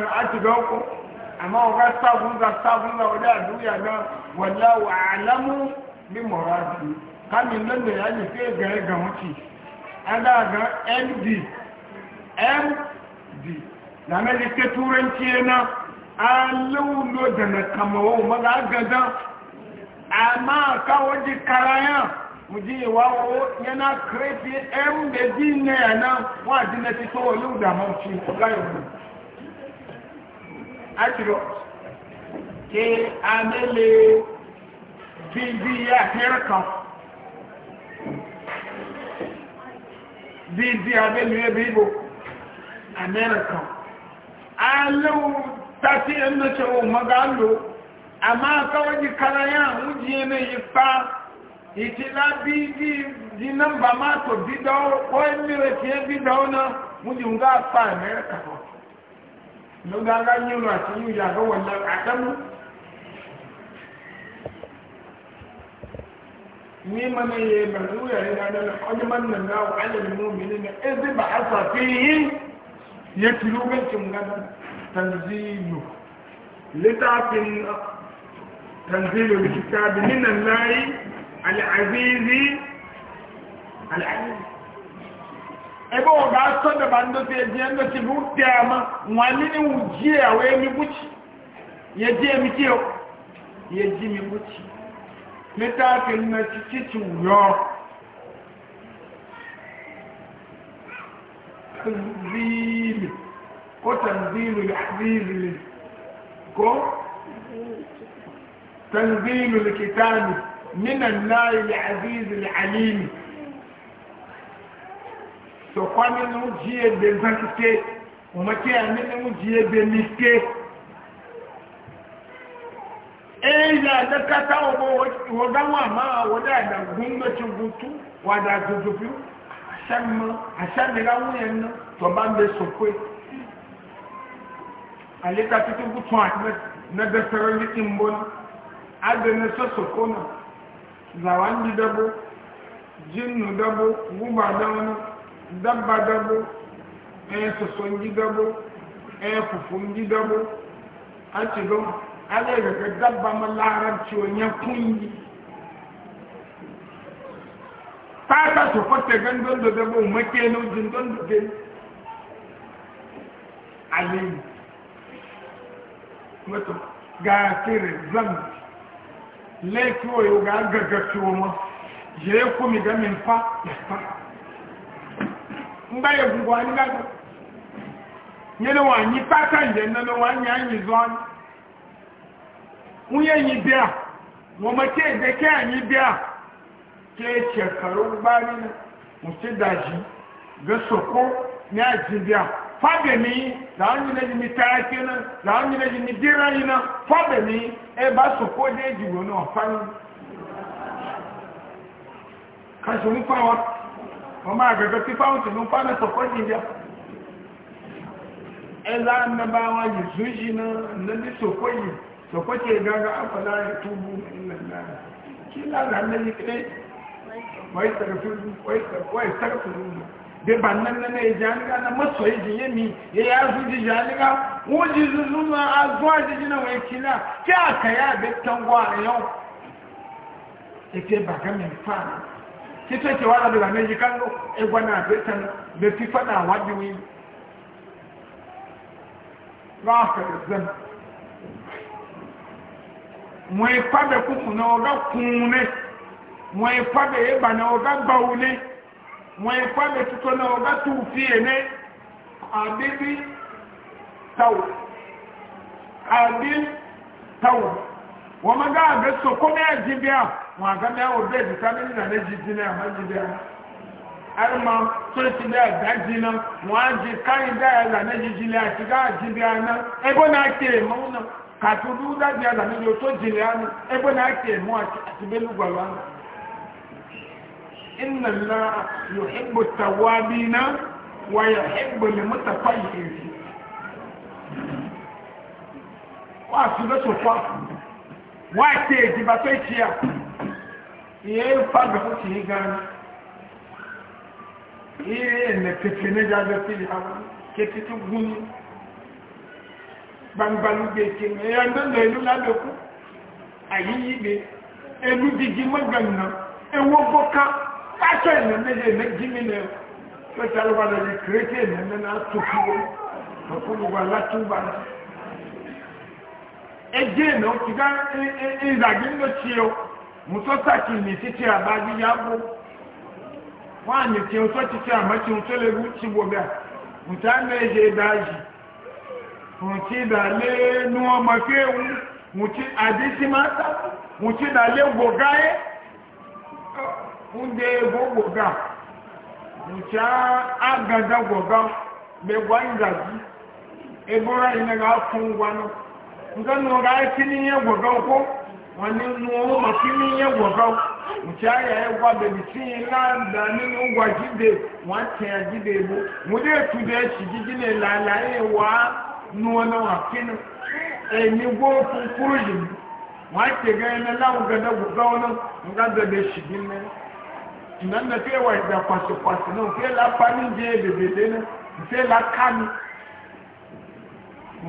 Speaker 1: kan aji doko amma wa sabunza sabunza wa da duya na wallahu a'lamu bi muradi kamin nan da yaji sai ga ga wuce ana ga md md na na lite turanci na alulo da na kamawo maga gada amma ka waje karaya muje wa o yana create md ne yana wa dinati so lu da mauci ga yau accurate kí a nílé bí bí àhẹ́rẹ́ kan bí bí abẹ́lẹ̀ bí ibò amẹ́rẹ́kan a lẹ́wọ́ tàbí ẹmẹ́sẹ̀ ohun mọ́gá lò a máa kọ́wọ́ jí kára yá àwọn jí ẹmẹ́ yí ìtìlá bí bí di nọ́mbà máa tò bí dọ́wọ́ tí ẹ bí náà mú jí ń gá pa amẹ́rẹ́kan lọ́gbà láyé rọ̀ àti yíò yàgọ́ wọ̀ lọ àdámú ní mọ́nà yẹ bẹ̀rù yẹ̀rẹ̀ dáadáa ọdún mọ́nà náà wà alẹ́lẹ́ mú mi nínú ẹgbẹ́ bá aṣọ àfihì yẹ ti ló bẹ́ẹ̀ tí mo gádà tanzilu littafin tanzilu kitabi minan layi al'azizi al'azizi ebe ọ ga-asọ daba ndozi eji ndozi bụ ụtị ama nwanne wu ji a wee migbuchi ya ji emike ya ji migbuchi meta aka nna chichi wuyo tanzili ko tanzilu lahzili ko tanzilu likitabi min annayi lahzili alimi sokwa ne mu jie be nkwanite omake a ne mu jie be nike eya da kata obo woga wa ma woda da gunga chugutu wada zuzufi shamma ashande ga wuyen no to bambe sokwe alika titu gutu atme na da sarari timbon adana sosokona zawandi dabo jinnu dabo guba da na dabba dabo ɛn eh, soson ji dabo ɛn eh, fufun ji dabo a ci don ala yi ka dabba ma larabci o nya kunji pata su fata gan don da dabo make no jin don da ke alayi wato ga kere zan laifi wa yau ga gaggafi wa ma je kumi ga min fa ya fa nga yɛ gungu anyi nga do nye ne wanyi pata yɛ ne ne wanyi anyi zɔn ŋun yɛ nyi bia wɔn mo kye de kye anyi bia kye kyɛ karo gbaari na mo ti da zi ge soko ne adzi bia fa bɛ mi zaa nyi ne yi mi taa kye na zaa nyi ne na fa bɛ mi e ba soko de di wo na ɔfa yi kasi ọmọ àgbẹ̀gbẹ̀ pípá òtù ní pánà tọ̀kọ́ jíjá ẹlá nẹba wọn yìí zún yìí náà lẹ́bí tọ̀kọ́ yìí tọ̀kọ́ tí gaga afọ̀lá túbú ilẹ̀ kí lára lẹ́yìn pé wọ́n ìsẹ̀rẹ̀fẹ̀rẹ̀ bíbà nẹ́nẹ́nẹ́ ìjà nígbà náà mọ́sọ̀ ìjì yé mi èyí azú jíjà nígbà wọ́n jí zuzú náà azú àjíjí náà wọ́n èkì náà kí àkàyà àbẹ́tẹ́ngọ́ kito ke wada daga mai jikan e gwana betan da fi fada wadi wi rafa zan mo e pabe kuku na oga kunne mo e pabe e ba na oga bawule mo e pabe tuto na oga tufi ene abibi tawu abibi tawu wọ́n máa gbá àgbẹ̀ sọ kó ní ẹ̀jìn bí i à wọn àgbàdo àwọn òbí ẹ̀dùn sábẹ́ nínú àlẹ́ dín náà wọ́n jí dín náà tó ti lé ẹ̀dá dín náà wọ́n á jí káyìn dá ẹ̀ jí náà àti káà jí dín náà ẹgbọ́n náà ké èmọ́ náà kàtó dúró dájú ẹ̀ tó jí náà náà ké àti inna la yuhibbu tawabina wa yuhibbu limutafayyin wọ́n àti lọ́sọ̀fọ́ wọ́n àti e èjì bàtọ́ iye fagbe kuti yi gan iye ne pepe ne ja bɛ fili awo ketiti guni gbangbali gbe kemi eya ndo le elu la do ku ayi yi be elu didi magbana ewo boka kpatɔ ene ne de ne jimi ne pɛtɛ aluba le na toki wo tɔkuluba latuba edie ne o ti mutotaki ni titi abadi yabo wani ti oto titi amati ntole buti boga mutane je daji muti dale nuwa makewu muti adisi mata muti dale gogaye unde go goga muti agada goga megwa ingazi ebora inaga afungwano ngano ga kini ye goga ko wọn ni nu owó mọ kí ní yẹ wọ̀rọ̀ nkyɛ ayɛ ɛgba beebi tii laada ne ne ngwa gide wɔn atɛn agide mu wɔn de etu de ekyi gidi ne laala ɛyɛ waa noɔ na wɔn afi no ɛni gbɔ kunkuru yi mu wɔn atɛ gɛn na lawo gɛdɛ gɔgɔw no nga gɛdɛ ekyi bi mɛ na na fie wɔ ɛdɛ kwasi no fie la pa ne gye bebede no fie la ka no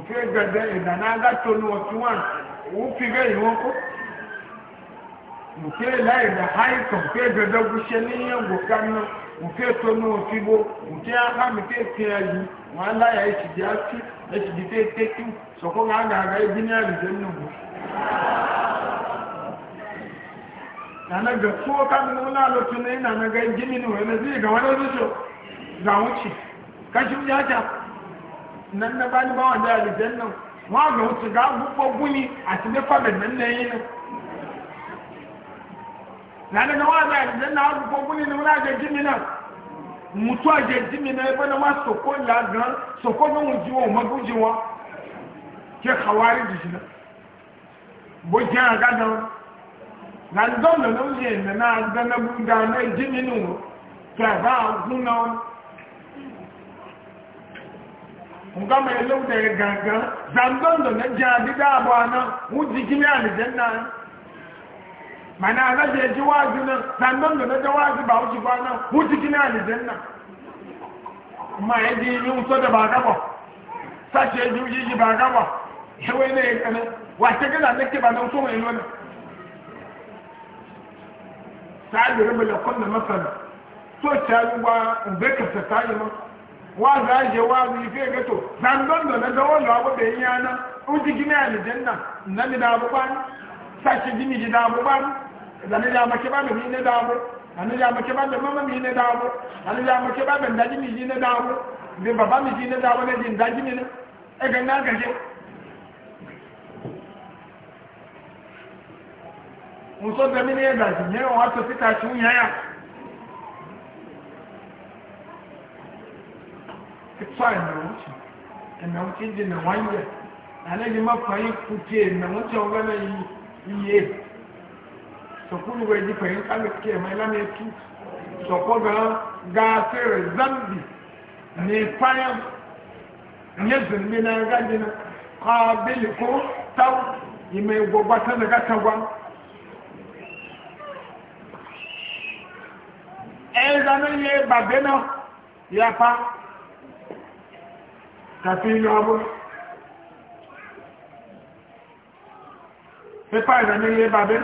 Speaker 1: fie gɛdɛ ɛdana agatɔ no wɔtɔn a wofi gɛ yi wɔn ko. nke lai da haika nke gada n'ihe ngwokan nke tonu otigbo nke aha nke tiya yi ma ala ya echiji na echijite eteki sọkwa ga aga aga ebi na alije nnugwu ga tuwo kan nuna alotu na na ga jimi ni wani zai ga wani zuciyo ga wuce kashi jata nan na bani da ga ga a cikin na na daga waza idan na hagu koguni ne wula ga jimi nan mutuwa ga jimi na ebe na wasu soko lagan soko ga wujiwa magujiwa ke kawari da jina bokin a gadon na don da nauye na na dana buga na jimi ne ke ba guna nga mai lauda ya gangan zandon da na jadi da abuwa nan wujigimi a lijan na mana ana je ji wazi nan da na ga wazi ba wuce ba nan wuce kina aljanna ma ya e ji yi wuce da ba gaba sace ji yi ji ba gaba yawai e ne ya e kanan wace gana nake ba nan so mai nuna sa'adu rabu da kunna masana so ta yi wa ubeka ta ta yi ma wa za a je wazi fiye gato sannan da na ga wani abu da yi yana wuce kina aljanna na mi da abu ba ni sace ji mi ji da abu ba ni zane ya make ba da ne da abu zane ya make ba da mama mi ne da abu zane ya daji mi ne da abu bi baba mi ne da abu ne din daji mi ne e ga na ga je mun mi ne da ne wa to fita ci mun yaya kitsa ne wuce ina wuce din na wanje ana ji mafayin kuke na wuce wannan yi iye sọ̀kúrú wẹ̀ di pẹ̀lú kálíkì ẹ̀mọ́ ìlànà ètú sọ̀kọ́ gan gaase rẹ̀ zambi ní ìpáyà nyé zèmí náà gáàdì náà kọ́ abéli kó táwọn ìmọ̀ ìgbọ̀gbà sẹ́nà gàtàgbà. ẹ̀ẹ́dá náà yẹ bàbá náà yapa tàbí ìlú abọ́. pépà ìdáná yẹ náà.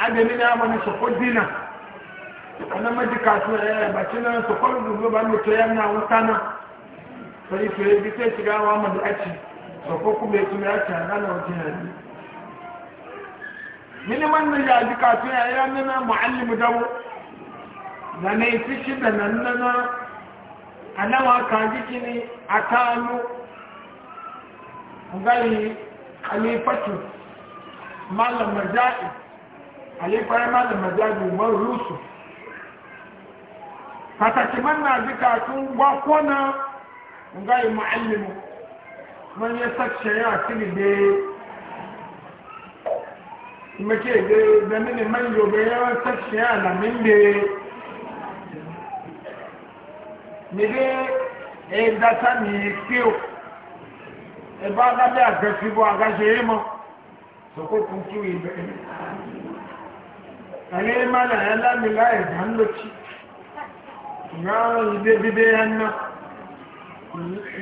Speaker 1: adami na amani soko dina ana maji kasu eh bace na soko dubu ba mu to yana wutana sai to yi bi sai shiga wa mu aci soko kuma ya tuma aci ana na waje ne mini man na ya ji kasu ya yana na muallimu dawo na ne fi shi da nan na alawa ka jiki ne atalu ngai alifatu malam majai alifa ya ma da majali man rusu pataki man na zika tun gwakwo na nga yi mu'allimu man ya sakshe ya sini de kuma ke de zamini man yobe ya sakshe ya lamin de mi de e data mi kiyo e ba ga bi a gafi bo a ga je mo so ko kun ibe ale mana ya lamila ya hannuci na ibe bibe yanna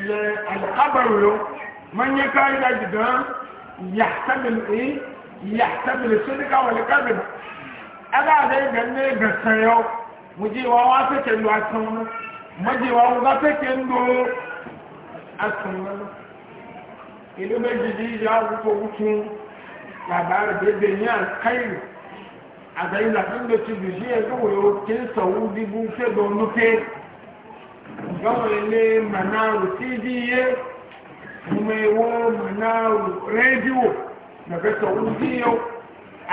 Speaker 1: le alkabar yo manya kayi da gidan yahtabil e yahtabil sidika wal kadhib ala dai ganne ga sayo muje wa wa ta ke ndo atun muje wa ga ta ke ndo atun ilu be jiji ya ku ko ku labar bebe ni alkhairu àgbáyé làtúndé ti dùn sí ẹgbẹ́ wòye ó ti ń sọ̀wọ́ bíbú ṣẹ́gun olúkẹ́ gbọ́n ilé manáwù tíìdí yé mo ìwọ́ manáwù rédíò lọ́fẹ́ sọ̀wọ́ sí yó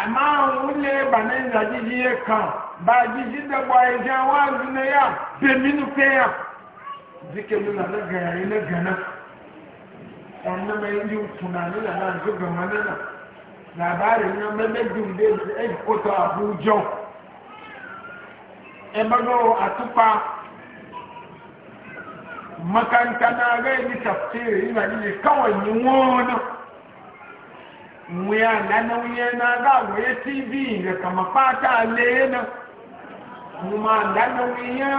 Speaker 1: àmọ́ àwọn ilé bànáyìnlá jíjí yé kan bá jíjí dẹ́gbọ́ ẹ̀jẹ̀ wá gbìnà yá bèmí nù kéyà zikelu lana gẹ̀yà yìí lẹ́gẹ̀ẹ́ náà ọ̀nàmẹ́yìn yìí kùnà nílẹ̀ náà zó gẹ̀mọ́ náà. labarin nan mamajin da ya yi koto abuja emano a tupa makanta na rai ni tafsiri ina ne kawai yi wani wuya na nauye na za wuye tv da kama fata alaye na kuma na nauye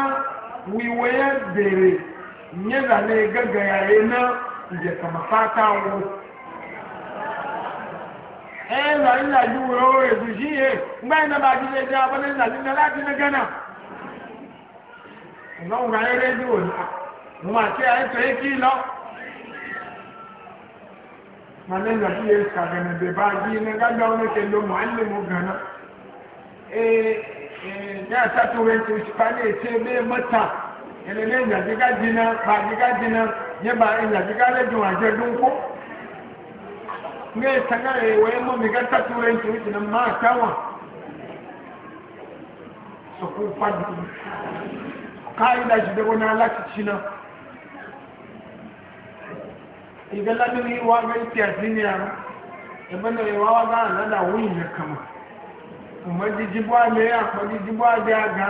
Speaker 1: wiwaye bere nye zane ya na da kama fata wuce eh la ila ju wo e bu ji e ngba na ba ji le ja ba le la ni la ti na gana no ga e re ju wo mo ma ti ai pe ki lo ma le la ti e ka ga na be ba ji na ga da ona ke lo mo alle mo gana eh eh ya ta tu wen ti pa ni se be mata ele le ya ji ga ji na ba ji na ye ba ya ji nga tangara e wee mo mi gata tura nti wuti na ma tawa so ku fadi kai da jide wona lati china igala ni wa ga ti asinia e bana e wa ga na da wuni kama umaji jibwa ne ya kwaji jibwa da ga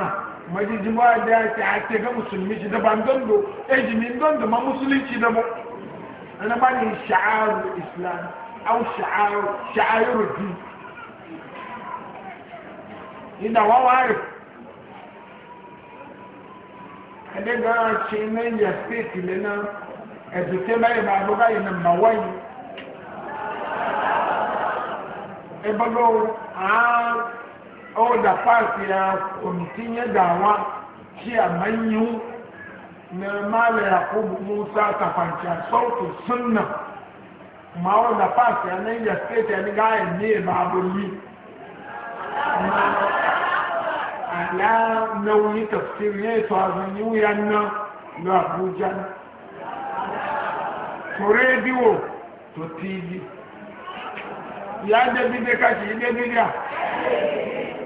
Speaker 1: umaji jibwa da ta ake ga musulmi ji da bandondo e jimin ma musulunci da mu sha'aru islam au sha'airu din inda wawari kade ga ce na ya state ne na ezute bayi ba abu bayi na mawai ebogo a o da party ya kwamitin ya dawa shi a manyu na mala yakubu musa kafanci a sautin sunna mawo na paasi ɛne yɛ state ɛne ga ayɛ nie baabo yi na ya na wuyi tafsiri yɛ eto azanyi wuya na lo abuja na to rediwo to tv ya debi de ka ki debi dia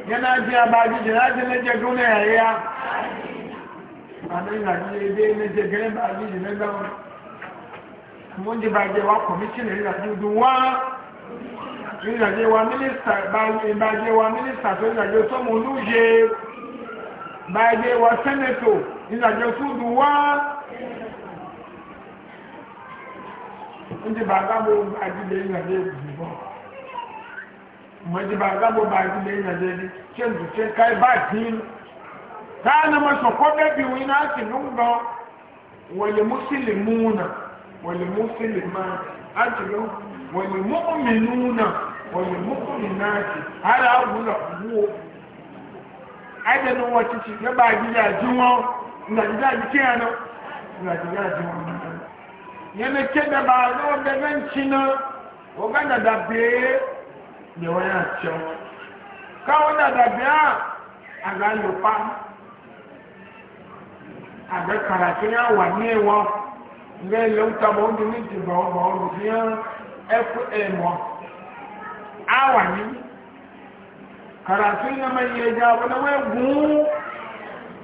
Speaker 1: yana ji abaji je na je ne je dole ya ya ana ina ji ebe ne je gele ba ji ne da wọ́n jẹ́ bá jẹ́ wá kọ̀míṣínà ìrìn àti dúdú wá ìrìn àjẹ́ wa mínísítà bá jẹ́ wa mínísítà tó ìrìn àjẹ́ tó mú lúṣe bá jẹ́ wa sẹ́nẹ̀tò ìrìn àjẹ́ tó dùn wá wọ́n jẹ́ bá gábó bá jílé ìrìn àjẹ́ ìbùbọ́ wọ́n jẹ́ bá gábó bá jílé ìrìn àjẹ́ والمسلمات أجر والمؤمنون والمؤمنات على أول حقوق adana wata ce na ba gidajen wọn na gidajen kiyana na gidajen wọn yana ke da ba zo da ganci na wagana da beye ne wani a can kawo da da biya a ga lupa a ga karatun yawa ne wa nga ele ọdụ bɔ ŋu ni ti bɔ bɔ ŋu fia ɛfu ɛmɔ awa ni na wo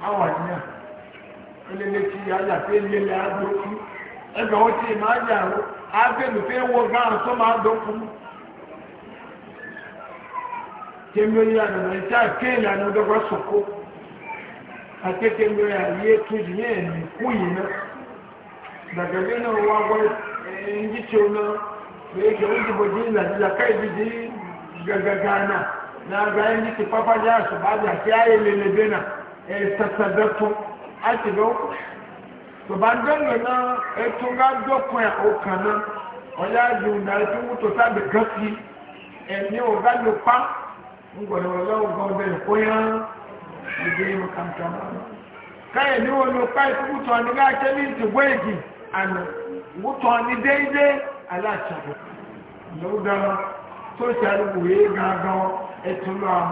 Speaker 1: awa ni a elele ti aya fi elele ado ku ɛgbɛ e wo ti ma aya abe so ma do kemgbe ake kemgbe yi na. daga nínú wa gbọ́ ẹ̀yìn tí ó náà pé jẹ́ oúnjẹ bòjì ìlàjílàká ìdíjì gàgàgà náà láàgbà ẹ̀yìn tí pápá jẹ́ na kí á yẹ lélẹ́bẹ̀ náà ẹ̀ tẹ̀tẹ̀bẹ̀ tún á ti lọ. bàbá ń dẹ́nu náà ètò ńgá dọ́kun ẹ̀ ọkàn náà ọ̀yá ju náà ètò ń tó sábẹ̀ gàkì ẹ̀mí ọ̀gá ló pa ń gbọ̀dọ̀ ọlọ́run gan bẹ̀rẹ̀ kó yá ìdí mọ̀kàmùkàmù. káyọ̀ ní wọn ló pa ìfúkútọ̀ nígbà tẹ́lẹ̀ ìtìgbọ́ èdè àná wútọ́ ní déédé aláàtàbò lọ́gbàmọ́ tó ṣàlùkù yé gángan ẹ̀tún lọ́wọ́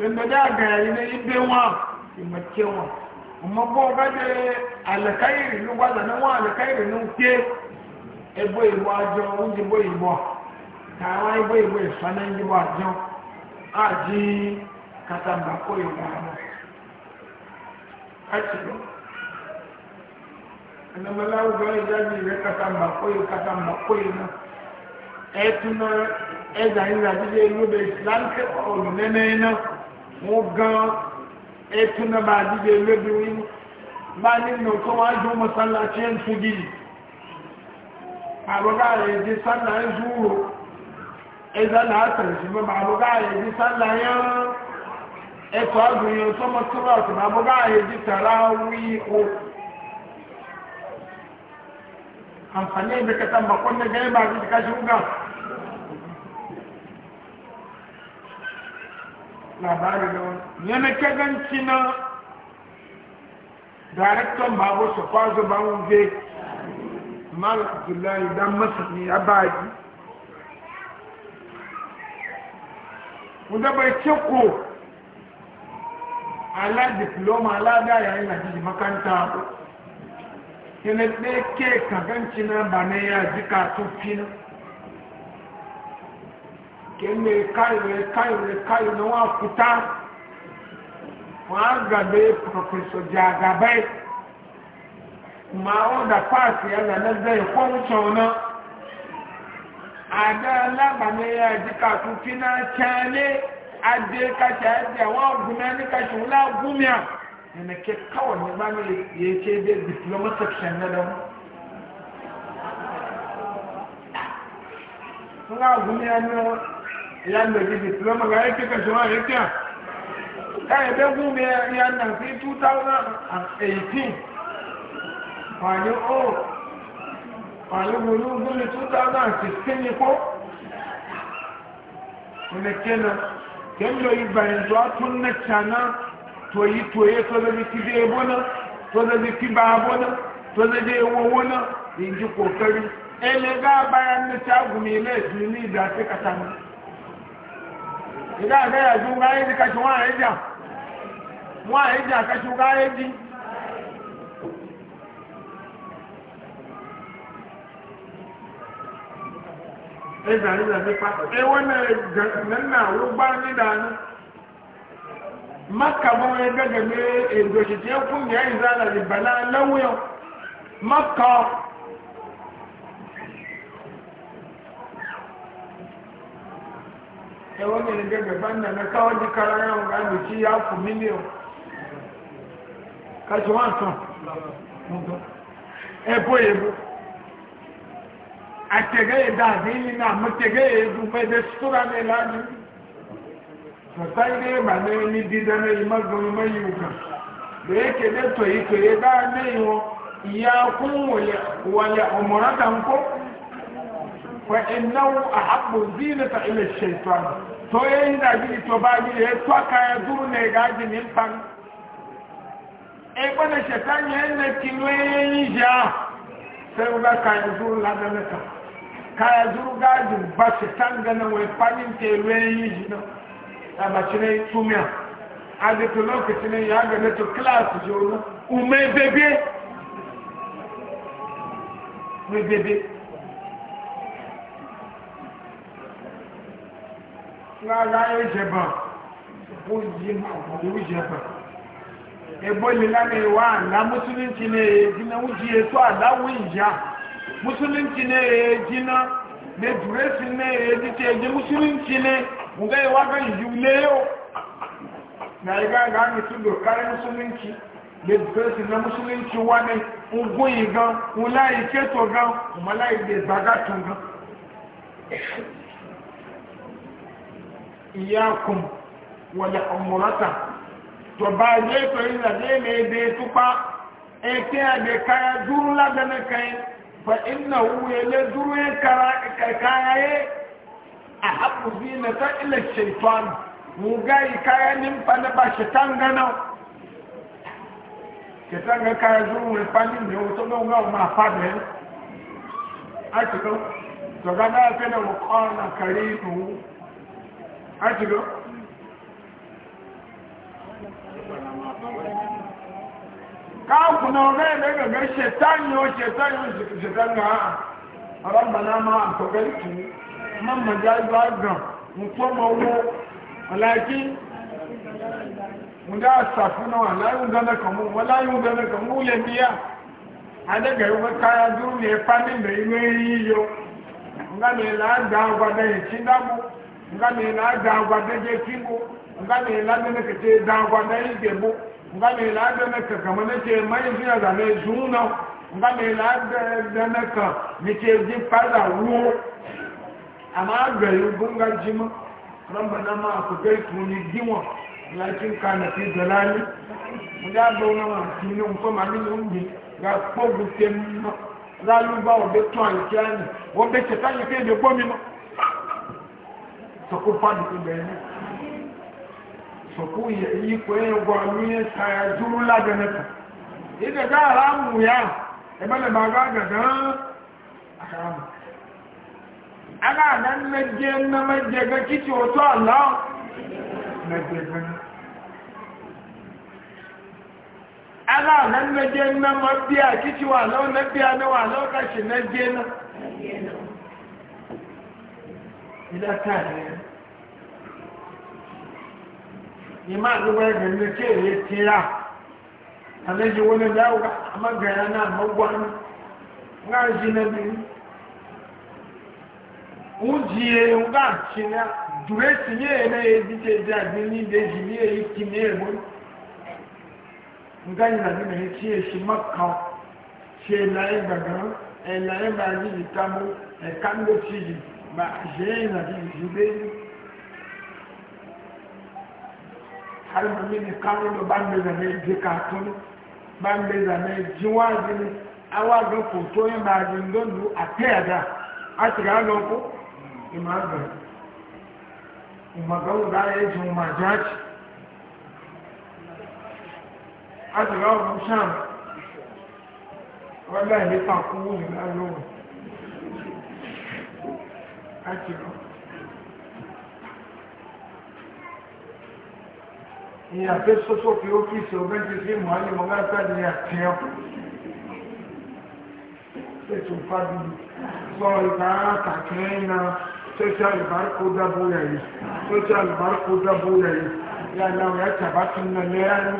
Speaker 1: lọ́gbàdá àgàyà yìí ní ibé wọn ìmọ̀tí wọn ọmọbọ ọgbàdé àlẹ́káyèrè ní wàdà ní wọn àlẹ́káyèrè ní ké ẹgbẹ́ ìwọ àjọ oúnjẹ bó ìbọ káwọn ẹgbẹ́ ìwọ ìfaná ń yíwọ àjọ àjí kàtàǹbà kó ìwọ àmọ́. ẹnumẹlẹ awùjọ ìdájì rẹ kàtà mbà kóyè kàtà mbà kóyè náà ẹtùnà ẹdà ìlà dídé lóde ìsìláńkì ọ̀rọ̀ nẹ́nẹ́ náà wọ́n gan ẹtùnà bá dídé lóde wíwú bá nínú kọ́ wá ju mọ́sálásí ẹ̀ ń tu yìí àbúgá rẹ̀ di sálà ẹ̀ zúwò ẹ̀dà làásẹ̀ ìṣúná àbúgá rẹ̀ di sálà yẹn ẹ̀tọ́ àgùnyẹ̀ sọ́mọ́tò àtùmọ̀ àbúgá rẹ̀ di tàrà wí o. amfani da kasan bakon da gaya ba zai kashi uga labari da wani yana kaganci na daraktan babu su kwazo ba wuze mal abdullahi dan masani ya baji wanda bai ce ko ala diploma ala da yayin na jiji makanta ina ɗaya ke kaganci na ba na ya ji katufi na ke mai kayo kayo kayo na wa fita wa gabe professor jagabai kuma o da fasi ya na zai kwanci na a da laba na ya ji katufi na cale a je kashi a je wa gumya ni kashi wula gumiya na ke kawai ne ba ya ce da diploma section na don sun ga gumi ya nuna ya nuna diploma ga yake kashe wa ya ce ka yi don gumi ya nan sai 2018 kwani o kwani gumi gumi 2016 ne ko ne kenan kendo yi bayan zuwa tun na canan toyi toye tozali kije bona tozali kiba bona tozali ewo bona inji kokari ele ga bayan ne ta gumi le jini da ta katanga ida ga ya ju ga yi ka tuwa eja wa eja ka ju ga eji
Speaker 2: eza eza nipa ewe na ga na
Speaker 1: na wo gba ni danu maka bọ́n yẹ gẹ́gẹ́ bí èdòṣì tí ó fún yẹ ìzánà ìbẹ̀lá lẹ́wọ́yọ maka ẹwọ́n mi ní gẹ́gẹ́ bá nà mẹ́ka o e e e di kára yẹn wọn gbàgbé tí yà fún mílíọ̀n kàtí wọ́n tán ẹ̀bọ́ èbó àtẹ̀gẹ́ yẹ dáadé yìí náà mọ̀tẹ̀gẹ́ yẹ dùn mẹ́ẹ̀dẹ́ sọ́ra mi lánàá. sosai dai ba na yi dida na yi mazan da yake da to yi to ba na yi wanya ọmụrụ kun wale umuratan ko fa innahu zinata ila shaytan to yayi da gidi to ba gidi e ya to ka ya duru na ga jinin e bana shaytan ya na kilo yayi ja sai ba ka ya duru la da ka ya duru ga adị ba ga na nke panin ya yayi jinin a bacine tumiya a da lokacin ya ga na to class jona umai bebe mai bebe lára ìjẹba ó yí àwọn ìjẹba ẹgbọ́ ìlànà ìwà àlá mùsùlùmí ti ní èjìnà wújí ètò àláwọ̀ ìyá mùsùlùmí ti ní èjìnà lẹ́dùrẹ́sì ní èjì tí ẹjẹ mùsùlùmí ti ní mu ga yawa ga yau na yi ga ga ni su dokar musulunci da dokar na musulunci wani ugun yi gan ulayi keto gan kuma layi da zagatun gan iyakun wale umurata to ba je to yi zaje ne da e ya tupa ete a da kaya duru ladana kai fa inna hu ya le duru ya kaya a haɓu ta ila shaitan mu gayi kaya nimfa na ba shaitan gana shaitan ga kaya zuwa mai fani ne wato ga ma fada ya a shiga to ga na fi na wakwana kare mu a shiga ka kuna ga daga ga shaitan shaitan shaitan ga a ran bana a mamman jaibu agan mutum mawo alaki muda safuna walayu gana kamu biya adaga yi kaya duru ne fani da ime yi yo nga ne da agwada yi chindabu nga ne la da agwada je kingo nga ne la da naka ce da agwada yi gebo nga ne la kama na mai da amma garin gungar jima rambana ma ku gai tuni diwa lakin ka na fi dalali mu da ba wani ma fi ni ko ma ni yumbi ga ko gute ma lalu ba o be to an kiani o be se tan ke de gomi ma so ko fa du be ni so ku ye yi ko e go alu ye sa ya juru la de ne ta ida ga ramu ya e ba le ba ga ga ga haramu ana nan na maje ga kici ana na kici walau na a na walau kashi na je na
Speaker 2: ila ta ne
Speaker 1: ni ma zubar da ne ke ya tira a ji wani dawo amma ga ma magwani ga na biyu wúdìí nǹkan àtìyà dùrẹ́ sí ní ẹ̀rẹ́ ẹbí tẹ́ jẹ́ àgbé ní ìdẹ́jì ní èyí ti ní ẹ̀mọ́ nǹkan yìí nàbí nàí tí èsì mọ́kàn ṣe ẹ̀láyé gbàgán ẹ̀láyé bá ní ìtàmú ẹ̀ka ń lò sí yìí bá ṣe é nàbí ìṣúgbé alùpùpù ní kánú ló bá ń bẹ zàmẹ́ ìdí kàtún bá ń bẹ zàmẹ́ ìdíwájú ni awájú kò tó yẹn máa di ńlọ́nu àtẹ́yàdá àtìrá lọ́kọ́ imaga imaga wo da ya ji ma jaji a ti ga wo sham wala ni pa ku ni la lo a ti ro ni a pe so so ki ti se mo ani mo ga ta ni a ti o se tu fa social barkuda buyayi social barkuda buyayi yana ya tabbatun na leyan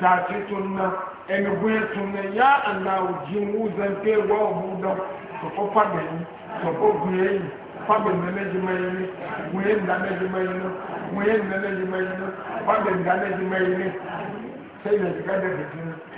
Speaker 1: tatitun na enubuyetun na ya allahu jinwu zanfe wa obuda to ko fadani to ko guyeyi fabin da na jimayi ne guyen da na jimayi ne guyen da na
Speaker 2: jimayi ne fabin da na jimayi ne sai da shiga da fitina